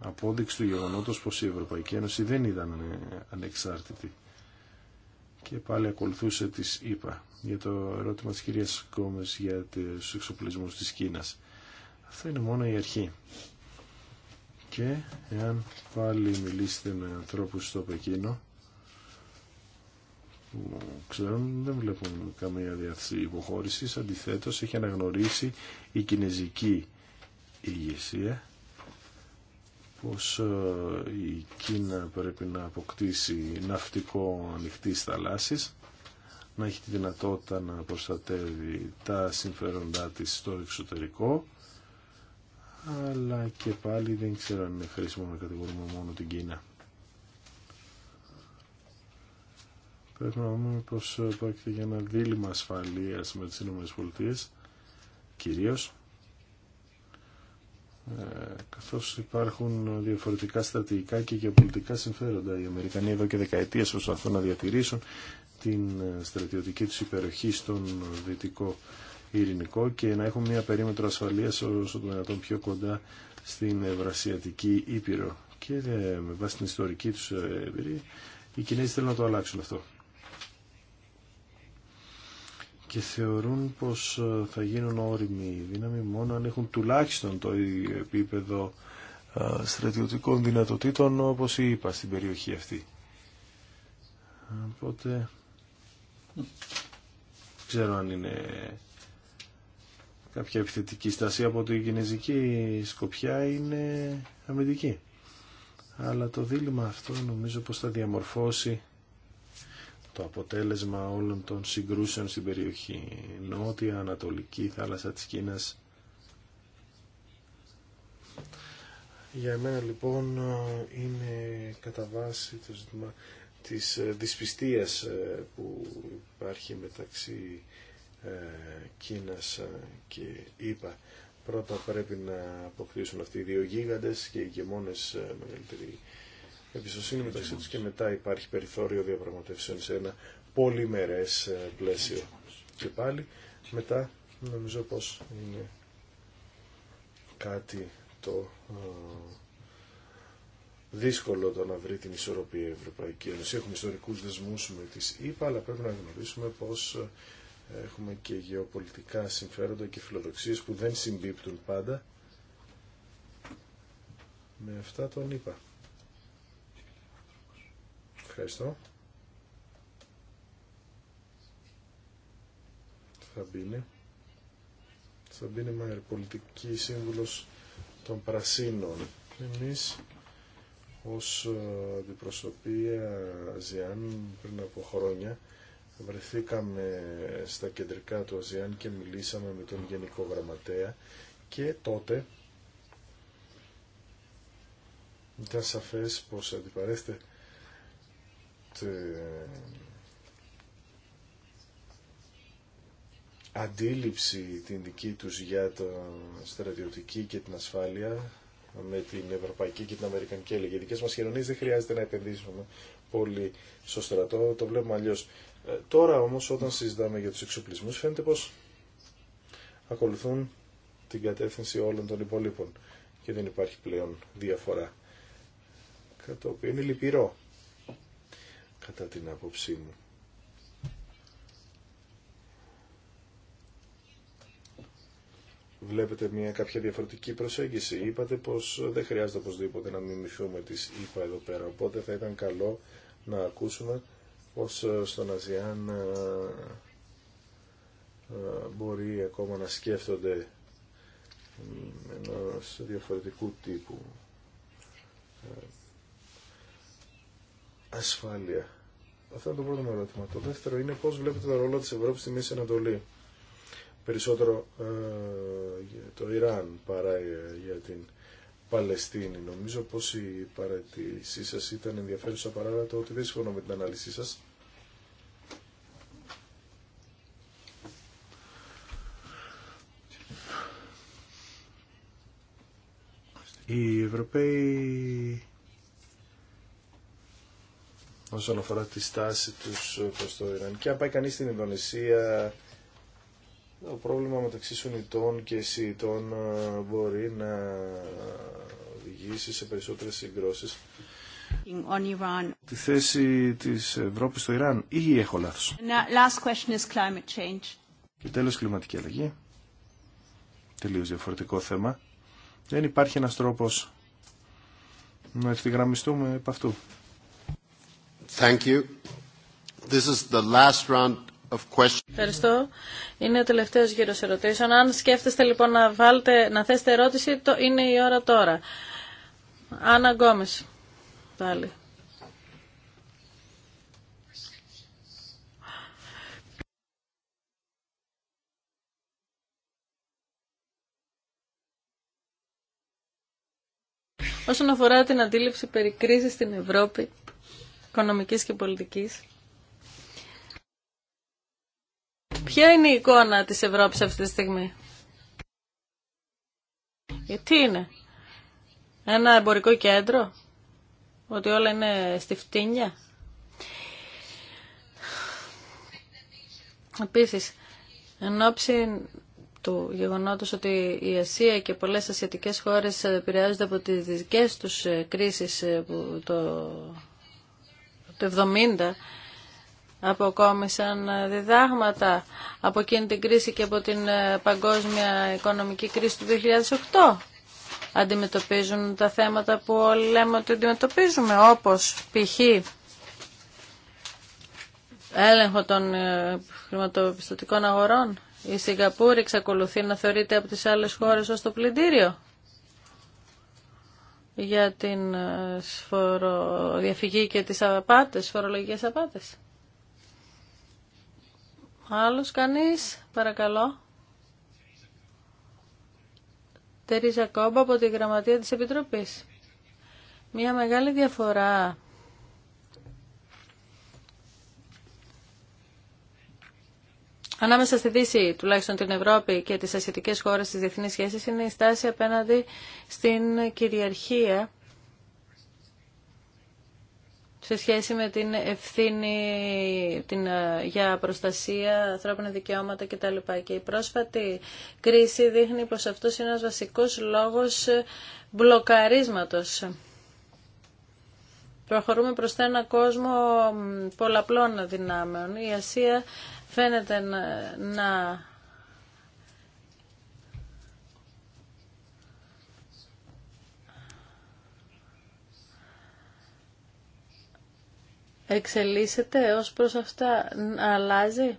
απόδειξη του γεγονότος πως η Ευρωπαϊκή Ένωση δεν ήταν ανεξάρτητη και πάλι ακολουθούσε τις είπα για το ερώτημα της κυρίας Κόμες για τους εξοπλισμούς της Κίνας. Αυτό είναι μόνο η αρχή. Και εάν πάλι μιλήσετε με ανθρώπους στο Πεκίνο, που ξέρουν δεν βλέπουν καμία διάθεση υποχώρησης, αντιθέτως έχει αναγνωρίσει η κινέζικη ηγεσία πως ε, η Κίνα πρέπει να αποκτήσει ναυτικό ανοιχτή θαλάσσης, να έχει τη δυνατότητα να προστατεύει τα συμφέροντά της στο εξωτερικό, αλλά και πάλι δεν ξέρω αν είναι χρήσιμο να κατηγορούμε μόνο την Κίνα. Πρέπει να δούμε πως ε, πρόκειται για ένα δίλημα ασφαλείας με τις ΗΠΑ, κυρίως ε, καθώς υπάρχουν διαφορετικά στρατηγικά και γεωπολιτικά συμφέροντα. Οι Αμερικανοί εδώ και δεκαετίες προσπαθούν να διατηρήσουν την ε, στρατιωτική τους υπεροχή στον δυτικό ειρηνικό και να έχουν μια περίμετρο ασφαλείας όσο το δυνατόν πιο κοντά στην Ευρασιατική Ήπειρο. Και με βάση την ιστορική τους ε, εμπειρία οι Κινέζοι θέλουν να το αλλάξουν αυτό και θεωρούν πως ε, θα γίνουν όριμοι δύναμοι μόνο αν έχουν τουλάχιστον το επίπεδο ε, στρατιωτικών δυνατοτήτων όπως είπα στην περιοχή αυτή. Οπότε δεν ξέρω αν είναι κάποια επιθετική στάση από την κινέζικη σκοπιά είναι αμυντική. Αλλά το δίλημα αυτό νομίζω πως θα διαμορφώσει το αποτέλεσμα όλων των συγκρούσεων στην περιοχή. Νότια, Ανατολική, θάλασσα της Κίνας. Για εμένα λοιπόν είναι κατά βάση το ζήτημα της ε, δυσπιστίας ε, που υπάρχει μεταξύ ε, Κίνας και ΙΠΑ. Πρώτα πρέπει να αποκτήσουν αυτοί οι δύο γίγαντες και οι γεμόνες μεγαλύτεροι εμπιστοσύνη μεταξύ του και μετά υπάρχει περιθώριο διαπραγματεύσεων σε ένα πολυμερέ ε, πλαίσιο. Και πάλι μετά νομίζω πως είναι κάτι το ε, δύσκολο το να βρει την ισορροπία η Ευρωπαϊκή Ένωση. Έχουμε ιστορικούς δεσμούς με τις ΗΠΑ, αλλά πρέπει να γνωρίσουμε πως ε, έχουμε και γεωπολιτικά συμφέροντα και φιλοδοξίες που δεν συμπίπτουν πάντα με αυτά τον είπα. Ευχαριστώ. Θα Σαμπίνε με πολιτική σύμβουλος των Πρασίνων. Εμείς ως ε, αντιπροσωπεία ΑΖΙΑΝ πριν από χρόνια βρεθήκαμε στα κεντρικά του ΑΖΙΑΝ και μιλήσαμε με τον Γενικό Γραμματέα και τότε ήταν σαφές πως αντιπαρέστε ε, αντίληψη την δική τους για το στρατιωτική και την ασφάλεια με την ευρωπαϊκή και την αμερικανική έλεγχη. Οι δικές μας χειρονίες δεν χρειάζεται να επενδύσουμε πολύ στο στρατό, το βλέπουμε αλλιώς. Ε, τώρα όμως όταν συζητάμε για τους εξοπλισμούς φαίνεται πως ακολουθούν την κατεύθυνση όλων των υπολείπων και δεν υπάρχει πλέον διαφορά. Κατόπιν είναι λυπηρό κατά την άποψή μου. Βλέπετε μια κάποια διαφορετική προσέγγιση. Είπατε πως δεν χρειάζεται οπωσδήποτε να μιμηθούμε τις είπα εδώ πέρα, οπότε θα ήταν καλό να ακούσουμε πως ε, στον Αζιάν ε, ε, μπορεί ακόμα να σκέφτονται ενός διαφορετικού τύπου ασφάλεια. Αυτό είναι το πρώτο μου ερώτημα. Το δεύτερο είναι πώς βλέπετε το ρόλο της Ευρώπης στη Μέση Ανατολή. Περισσότερο ε, για το Ιράν παρά ε, για την Παλαιστίνη. Νομίζω πως η παρατήρησή σας ήταν ενδιαφέρουσα παρά το ότι δεν συμφωνώ με την ανάλυση σας. Οι Ευρωπαίοι όσον αφορά τη στάση του προ το Ιράν. Και αν πάει κανεί στην Ινδονησία, το πρόβλημα μεταξύ Σουνιτών και Σιητών ε, μπορεί να οδηγήσει σε περισσότερες συγκρόσει Τη θέση της Ευρώπης στο Ιράν ή έχω λάθο. Και τέλο κλιματική αλλαγή. τελείω διαφορετικό θέμα. Δεν υπάρχει ένα τρόπο να ευθυγραμμιστούμε επ' αυτού. Ευχαριστώ. Είναι ο τελευταίος γύρος ερωτήσεων. Αν σκέφτεστε λοιπόν να, βάλτε, να θέσετε ερώτηση, το είναι η ώρα τώρα. Άννα Γκόμες, πάλι. Όσον αφορά την αντίληψη περί κρίσης στην Ευρώπη, Οικονομικής και Πολιτικής. Ποια είναι η εικόνα της Ευρώπης αυτή τη στιγμή. Ε, τι είναι. Ένα εμπορικό κέντρο. Ότι όλα είναι στη φτύνια. Επίσης, εν ώψη του γεγονότος ότι η Ασία και πολλές ασιατικές χώρες επηρεάζονται από τις δικές τους ε, κρίσεις ε, που το το 70 αποκόμισαν ε, διδάγματα από εκείνη την κρίση και από την ε, παγκόσμια οικονομική κρίση του 2008. Αντιμετωπίζουν τα θέματα που όλοι λέμε ότι αντιμετωπίζουμε, όπως π.χ. έλεγχο των ε, χρηματοπιστωτικών αγορών. Η Σιγκαπούρη εξακολουθεί να θεωρείται από τις άλλες χώρες ως το πλυντήριο για την ε, σφοροδιαφυγή και τις απάτες, φορολογικές απάτες. Άλλος κανείς, παρακαλώ. Τερίζα Κόμπα από τη Γραμματεία της Επιτροπής. Μια μεγάλη διαφορά Ανάμεσα στη Δύση, τουλάχιστον την Ευρώπη και τις ασιατικές χώρες της διεθνής σχέσης, είναι η στάση απέναντι στην κυριαρχία σε σχέση με την ευθύνη την, ε, για προστασία, ανθρώπινα δικαιώματα κτλ. Και η πρόσφατη κρίση δείχνει πως αυτός είναι ένας βασικός λόγος μπλοκαρίσματος. Προχωρούμε προς ένα κόσμο πολλαπλών δυνάμεων. Η Ασία φαίνεται να εξελίσσεται ως προς αυτά, αλλάζει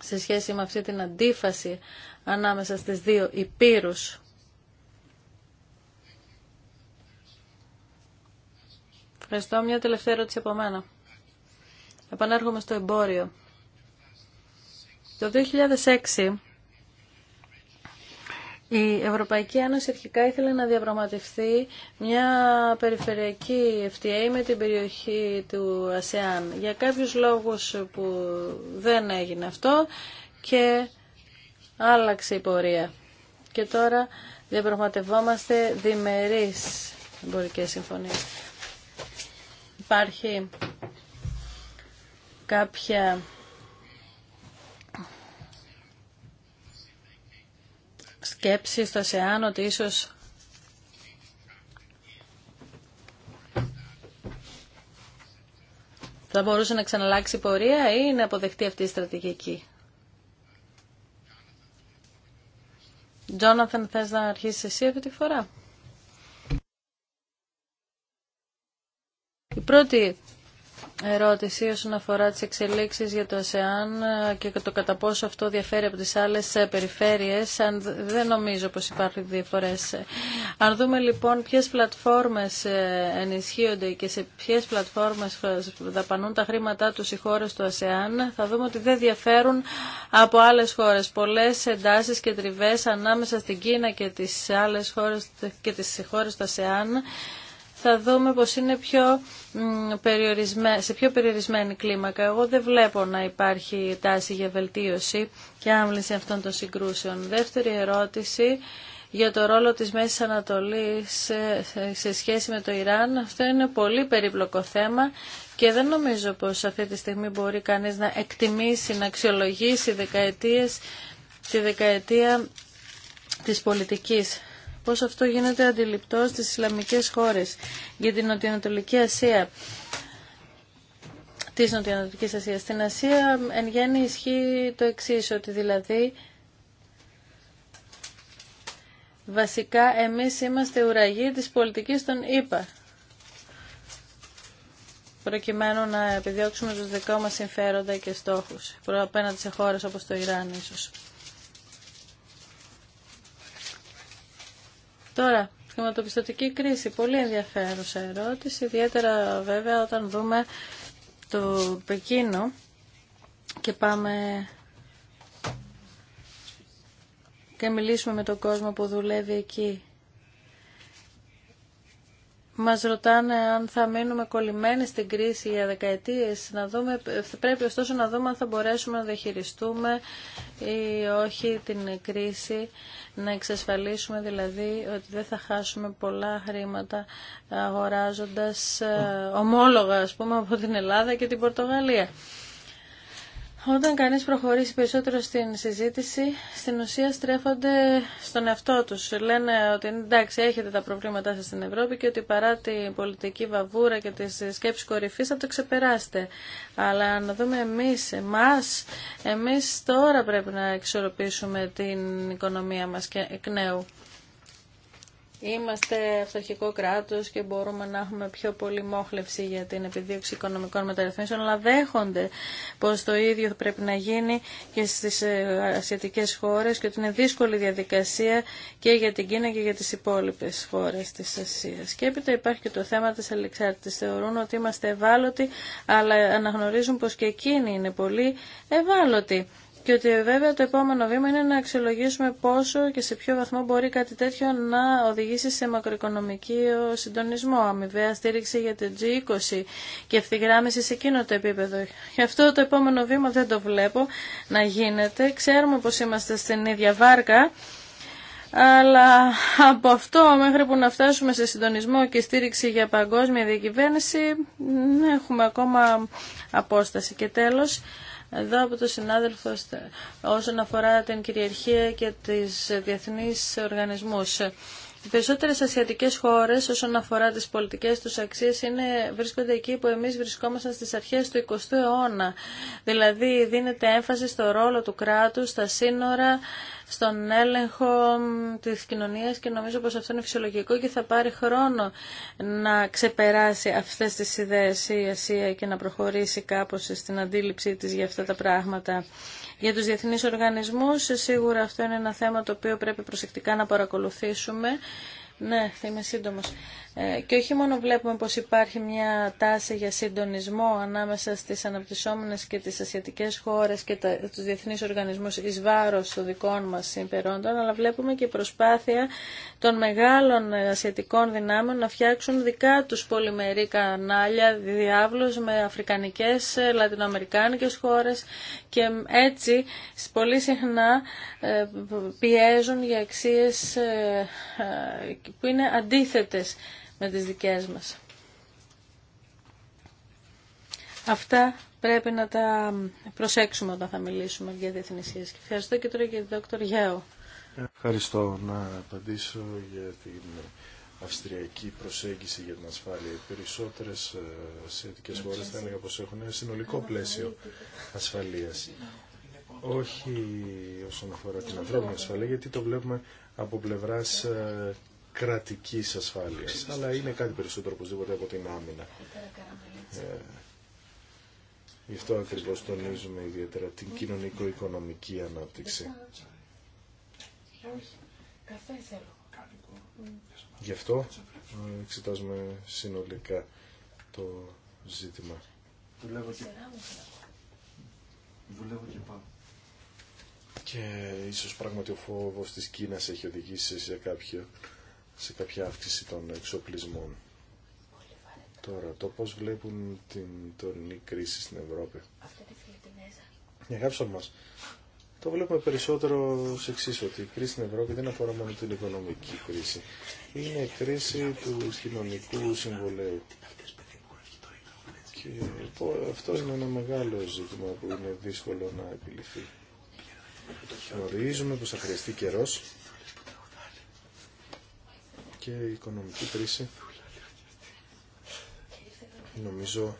σε σχέση με αυτή την αντίφαση ανάμεσα στις δύο υπήρους. Ευχαριστώ. Μια τελευταία ερώτηση από μένα. Επανέρχομαι στο εμπόριο. Το 2006 η Ευρωπαϊκή Ένωση αρχικά ήθελε να διαπραγματευτεί μια περιφερειακή FTA με την περιοχή του ΑΣΕΑΝ. Για κάποιους λόγους που δεν έγινε αυτό και άλλαξε η πορεία. Και τώρα διαπραγματευόμαστε διμερείς εμπορικές συμφωνίες. Υπάρχει κάποια σκέψη στο ΣΕΑΝ ότι ίσως θα μπορούσε να ξαναλλάξει πορεία ή να αποδεχτεί αυτή η στρατηγική. Τζόναθαν, θες να αρχίσεις εσύ αυτή τη φορά. Η πρώτη ερώτηση όσον αφορά τις εξελίξεις για το ΑΣΕΑΝ και το κατά πόσο αυτό διαφέρει από τις άλλες περιφέρειες. Αν δεν νομίζω πως υπάρχουν διαφορές. Αν δούμε λοιπόν ποιες πλατφόρμες ε, ενισχύονται και σε ποιες πλατφόρμες δαπανούν τα χρήματά τους οι χώρες του ΑΣΕΑΝ, θα δούμε ότι δεν διαφέρουν από άλλες χώρες. Πολλές εντάσεις και τριβές ανάμεσα στην Κίνα και τις άλλες χώρες και τις χώρες του ΑΣΕΑΝ θα δούμε πως είναι πιο, σε πιο περιορισμένη κλίμακα. Εγώ δεν βλέπω να υπάρχει τάση για βελτίωση και άμβληση αυτών των συγκρούσεων. Δεύτερη ερώτηση για το ρόλο της Μέσης Ανατολής σε σχέση με το Ιράν. Αυτό είναι πολύ περίπλοκο θέμα και δεν νομίζω πως αυτή τη στιγμή μπορεί κανείς να εκτιμήσει, να αξιολογήσει δεκαετίες, τη δεκαετία της πολιτικής πώς αυτό γίνεται αντιληπτό στις Ισλαμικές χώρες για την Νοτιοανατολική Ασία της Νοτιοανατολικής Ασίας. Στην Ασία εν γέννη ισχύει το εξή ότι δηλαδή βασικά εμείς είμαστε ουραγοί της πολιτικής των ΗΠΑ προκειμένου να επιδιώξουμε τους δικό μας συμφέροντα και στόχους απέναντι σε χώρες όπως το Ιράν ίσως. Τώρα, χρηματοπιστωτική κρίση. Πολύ ενδιαφέρουσα ερώτηση, ιδιαίτερα βέβαια όταν δούμε το Πεκίνο και πάμε και μιλήσουμε με τον κόσμο που δουλεύει εκεί μας ρωτάνε αν θα μείνουμε κολλημένοι στην κρίση για δεκαετίες. Να δούμε, πρέπει ωστόσο να δούμε αν θα μπορέσουμε να διαχειριστούμε ή όχι την κρίση, να εξασφαλίσουμε δηλαδή ότι δεν θα χάσουμε πολλά χρήματα αγοράζοντας ε, ομόλογα πούμε από την Ελλάδα και την Πορτογαλία. Όταν κανείς προχωρήσει περισσότερο στην συζήτηση, στην ουσία στρέφονται στον εαυτό τους. Λένε ότι εντάξει έχετε τα προβλήματά σας στην Ευρώπη και ότι παρά την πολιτική βαβούρα και τις σκέψεις κορυφής θα το ξεπεράσετε. Αλλά να δούμε εμείς, εμάς, εμείς τώρα πρέπει να εξορροπήσουμε την οικονομία μας και εκ νέου είμαστε αυτορχικό κράτος και μπορούμε να έχουμε πιο πολύ μόχλευση για την επιδίωξη οικονομικών μεταρρυθμίσεων, αλλά δέχονται πως το ίδιο πρέπει να γίνει και στις ε, ασιατικές χώρες και ότι είναι δύσκολη διαδικασία και για την Κίνα και για τις υπόλοιπες χώρες της Ασίας. Και έπειτα υπάρχει και το θέμα της αλεξάρτητης. Θεωρούν ότι είμαστε ευάλωτοι, αλλά αναγνωρίζουν πως και εκείνοι είναι πολύ ευάλωτοι. Και ότι βέβαια το επόμενο βήμα είναι να αξιολογήσουμε πόσο και σε ποιο βαθμό μπορεί κάτι τέτοιο να οδηγήσει σε μακροοικονομική συντονισμό, αμοιβαία στήριξη για την G20 και ευθυγράμμιση σε εκείνο το επίπεδο. Γι' αυτό το επόμενο βήμα δεν το βλέπω να γίνεται. Ξέρουμε πως είμαστε στην ίδια βάρκα. Αλλά από αυτό μέχρι που να φτάσουμε σε συντονισμό και στήριξη για παγκόσμια διακυβέρνηση έχουμε ακόμα απόσταση. Και τέλος, εδώ από τον συνάδελφο όσον αφορά την κυριαρχία και τις διεθνείς οργανισμούς. Οι περισσότερες ασιατικές χώρες όσον αφορά τις πολιτικές τους αξίες είναι, βρίσκονται εκεί που εμείς βρισκόμασταν στις αρχές του 20ου αιώνα. Δηλαδή δίνεται έμφαση στο ρόλο του κράτους, στα σύνορα, στον έλεγχο της κοινωνίας και νομίζω πως αυτό είναι φυσιολογικό και θα πάρει χρόνο να ξεπεράσει αυτές τις ιδέες η Ασία και να προχωρήσει κάπως στην αντίληψή της για αυτά τα πράγματα. Για τους διεθνείς οργανισμούς σίγουρα αυτό είναι ένα θέμα το οποίο πρέπει προσεκτικά να παρακολουθήσουμε ναι, θα είμαι σύντομο. Ε, και όχι μόνο βλέπουμε πως υπάρχει μια τάση για συντονισμό ανάμεσα στις αναπτυσσόμενες και τις ασιατικές χώρες και τα, τους διεθνείς οργανισμούς εις βάρος των δικών μας συμπερώντων, αλλά βλέπουμε και προσπάθεια των μεγάλων ασιατικών δυνάμεων να φτιάξουν δικά τους πολυμερή κανάλια, διάβλους με αφρικανικές, λατινοαμερικάνικες χώρες και έτσι πολύ συχνά ε, πιέζουν για αξίες ε, που είναι αντίθετες με τις δικές μας. Αυτά πρέπει να τα προσέξουμε όταν θα μιλήσουμε για διεθνή σχέση. Ευχαριστώ και τώρα για τον Δόκτωρ Γιάου. Ευχαριστώ να απαντήσω για την αυστριακή προσέγγιση για την ασφάλεια. Οι περισσότερες ε, ασιατικές χώρε θα έλεγα πως έχουν ένα συνολικό πλαίσιο ασφαλείας. Όχι όσον αφορά την ανθρώπινη ασφαλεία, γιατί το βλέπουμε από πλευράς ε, Κρατική ασφάλεια. αλλά είναι κάτι περισσότερο οπωσδήποτε από την άμυνα. Ε, γι' αυτό ακριβώς τονίζουμε ιδιαίτερα την κοινωνικο-οικονομική ανάπτυξη. Γι' αυτό ε, εξετάζουμε συνολικά το ζήτημα. και, Δουλεύω και πάω. Και ίσως πράγματι ο φόβος της Κίνας έχει οδηγήσει σε κάποιο σε κάποια αύξηση των εξοπλισμών. Τώρα, το πώς βλέπουν την τωρινή κρίση στην Ευρώπη. Αυτή είναι μας. Το βλέπουμε περισσότερο σε εξή ότι η κρίση στην Ευρώπη δεν αφορά μόνο την οικονομική κρίση. Είναι η κρίση του κοινωνικού συμβολέου. Και αυτό είναι ένα μεγάλο ζήτημα που είναι δύσκολο να επιληθεί. Γνωρίζουμε πως θα χρειαστεί καιρός και η οικονομική κρίση νομίζω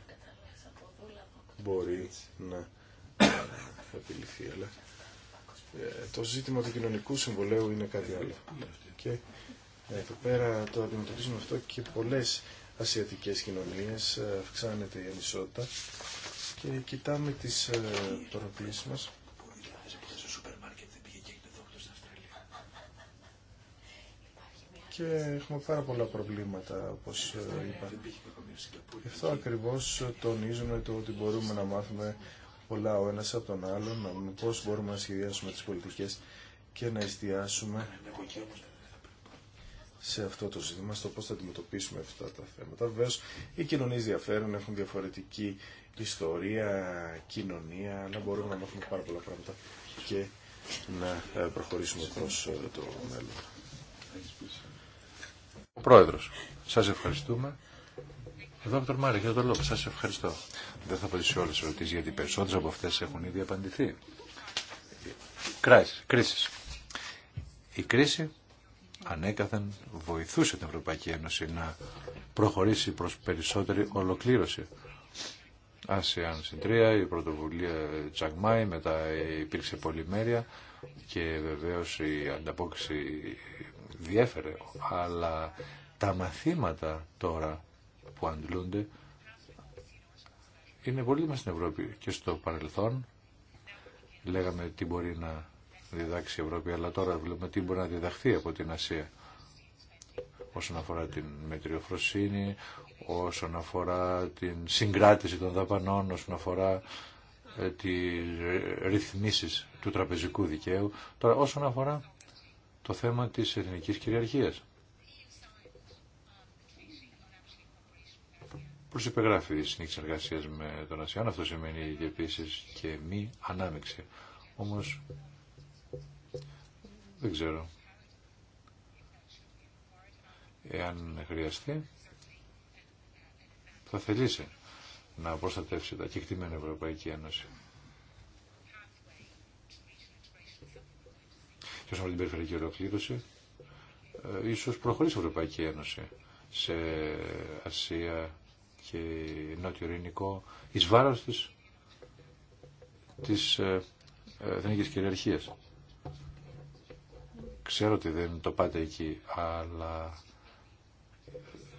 μπορεί να επιληθεί. Αλλά ε, το ζήτημα του κοινωνικού συμβολέου είναι κάτι άλλο. Και ε, εδώ πέρα το αντιμετωπίζουμε αυτό και πολλές ασιατικές κοινωνίες ε, αυξάνεται η ανισότητα και κοιτάμε τις τροπίες μας και έχουμε πάρα πολλά προβλήματα, όπως ε, είπα. Γι' αυτό ακριβώς τονίζουμε το ότι μπορούμε να μάθουμε πολλά ο ένας από τον άλλον, να δούμε πώς μπορούμε να σχεδιάσουμε τις πολιτικές και να εστιάσουμε σε αυτό το ζήτημα, στο πώς θα αντιμετωπίσουμε αυτά τα θέματα. Βεβαίω, οι κοινωνίες διαφέρουν, έχουν διαφορετική ιστορία, κοινωνία, αλλά μπορούμε να μάθουμε πάρα πολλά πράγματα και να ε, προχωρήσουμε προς ε, το μέλλον. Ο Πρόεδρος, σας ευχαριστούμε. Εδώ από τον λόγο. κύριε σας ευχαριστώ. Δεν θα απαντήσω όλες τις ερωτήσεις, γιατί περισσότερες από αυτές έχουν ήδη απαντηθεί. Κράσεις, κρίσεις. Η κρίση ανέκαθεν βοηθούσε την Ευρωπαϊκή Ένωση να προχωρήσει προς περισσότερη ολοκλήρωση. Άσιαν Συντρία, η πρωτοβουλία Τσαγμάη, μετά υπήρξε πολυμέρεια και βεβαίως η ανταπόκριση διέφερε, αλλά τα μαθήματα τώρα που αντλούνται είναι πολύ μας στην Ευρώπη και στο παρελθόν λέγαμε τι μπορεί να διδάξει η Ευρώπη, αλλά τώρα βλέπουμε τι μπορεί να διδαχθεί από την Ασία όσον αφορά την μετριοφροσύνη, όσον αφορά την συγκράτηση των δαπανών, όσον αφορά ε, τις ρυθμίσεις του τραπεζικού δικαίου. Τώρα όσον αφορά το θέμα της εθνικής κυριαρχίας. υπεγράφη η συνήθεια εργασία με τον Ασιαν, αυτό σημαίνει και επίση και μη ανάμειξη. Όμως δεν ξέρω εάν χρειαστεί θα θελήσει να προστατεύσει τα κεκτημένα Ευρωπαϊκή Ένωση. και όσον αφορά την περιφερειακή ολοκλήρωση, ε, ίσως προχωρήσει η Ευρωπαϊκή Ένωση σε Ασία και Νότιο Ειρηνικό εις βάρος της, της ε, ε, εθνικής κυριαρχίας. Ξέρω ότι δεν το πάτε εκεί, αλλά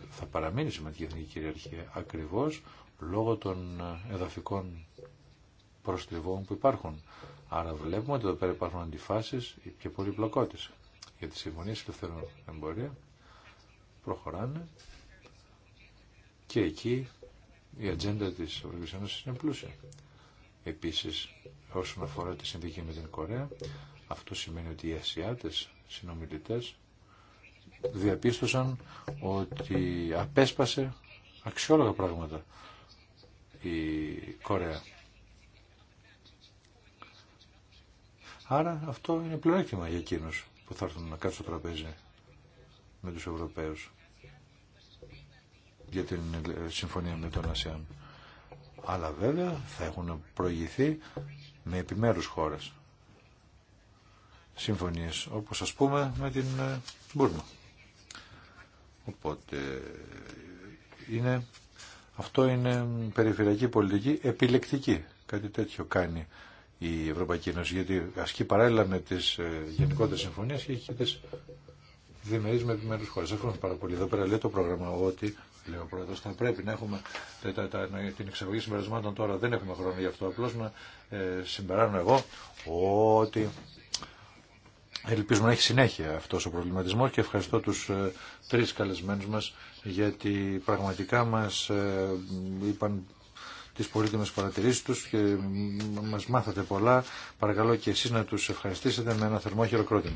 θα παραμείνει σημαντική εθνική κυριαρχία ακριβώς λόγω των εδαφικών προστριβών που υπάρχουν Άρα βλέπουμε ότι εδώ πέρα υπάρχουν αντιφάσεις και πολυπλοκότητε. Για τις συμφωνίες ελευθερών εμπορία προχωράνε και εκεί η ατζέντα της Ένωση είναι πλούσια. Επίση, όσον αφορά τη συνδίκη με την Κορέα, αυτό σημαίνει ότι οι Ασιάτες συνομιλητές διαπίστωσαν ότι απέσπασε αξιόλογα πράγματα η Κορέα. Άρα αυτό είναι πλεονέκτημα για εκείνου που θα έρθουν να κάτσουν στο τραπέζι με τους Ευρωπαίους για την ε, συμφωνία με τον Ασιαν. Αλλά βέβαια θα έχουν προηγηθεί με επιμέρους χώρες. Συμφωνίες όπως ας πούμε με την ε, Μπούρμα. Οπότε είναι, αυτό είναι περιφερειακή πολιτική επιλεκτική. Κάτι τέτοιο κάνει η Ευρωπαϊκή Ένωση, γιατί ασκεί παράλληλα με τι ε, γενικότερε συμφωνίε και έχει τι διμερεί με επιμέρου χώρε. Ευχαριστώ πάρα πολύ. Εδώ πέρα λέει το πρόγραμμα ότι, λέει ο Πρόεδρο, θα πρέπει να έχουμε τα, τα, την εξαγωγή συμπερασμάτων τώρα. Δεν έχουμε χρόνο γι' αυτό. Απλώ να ε, συμπεράνω εγώ ότι ελπίζουμε να έχει συνέχεια αυτό ο προβληματισμό και ευχαριστώ του ε, τρει καλεσμένου μα γιατί πραγματικά μα ε, είπαν τις πολύτιμες παρατηρήσεις τους και μας μάθατε πολλά. Παρακαλώ και εσείς να τους ευχαριστήσετε με ένα θερμό χειροκρότημα.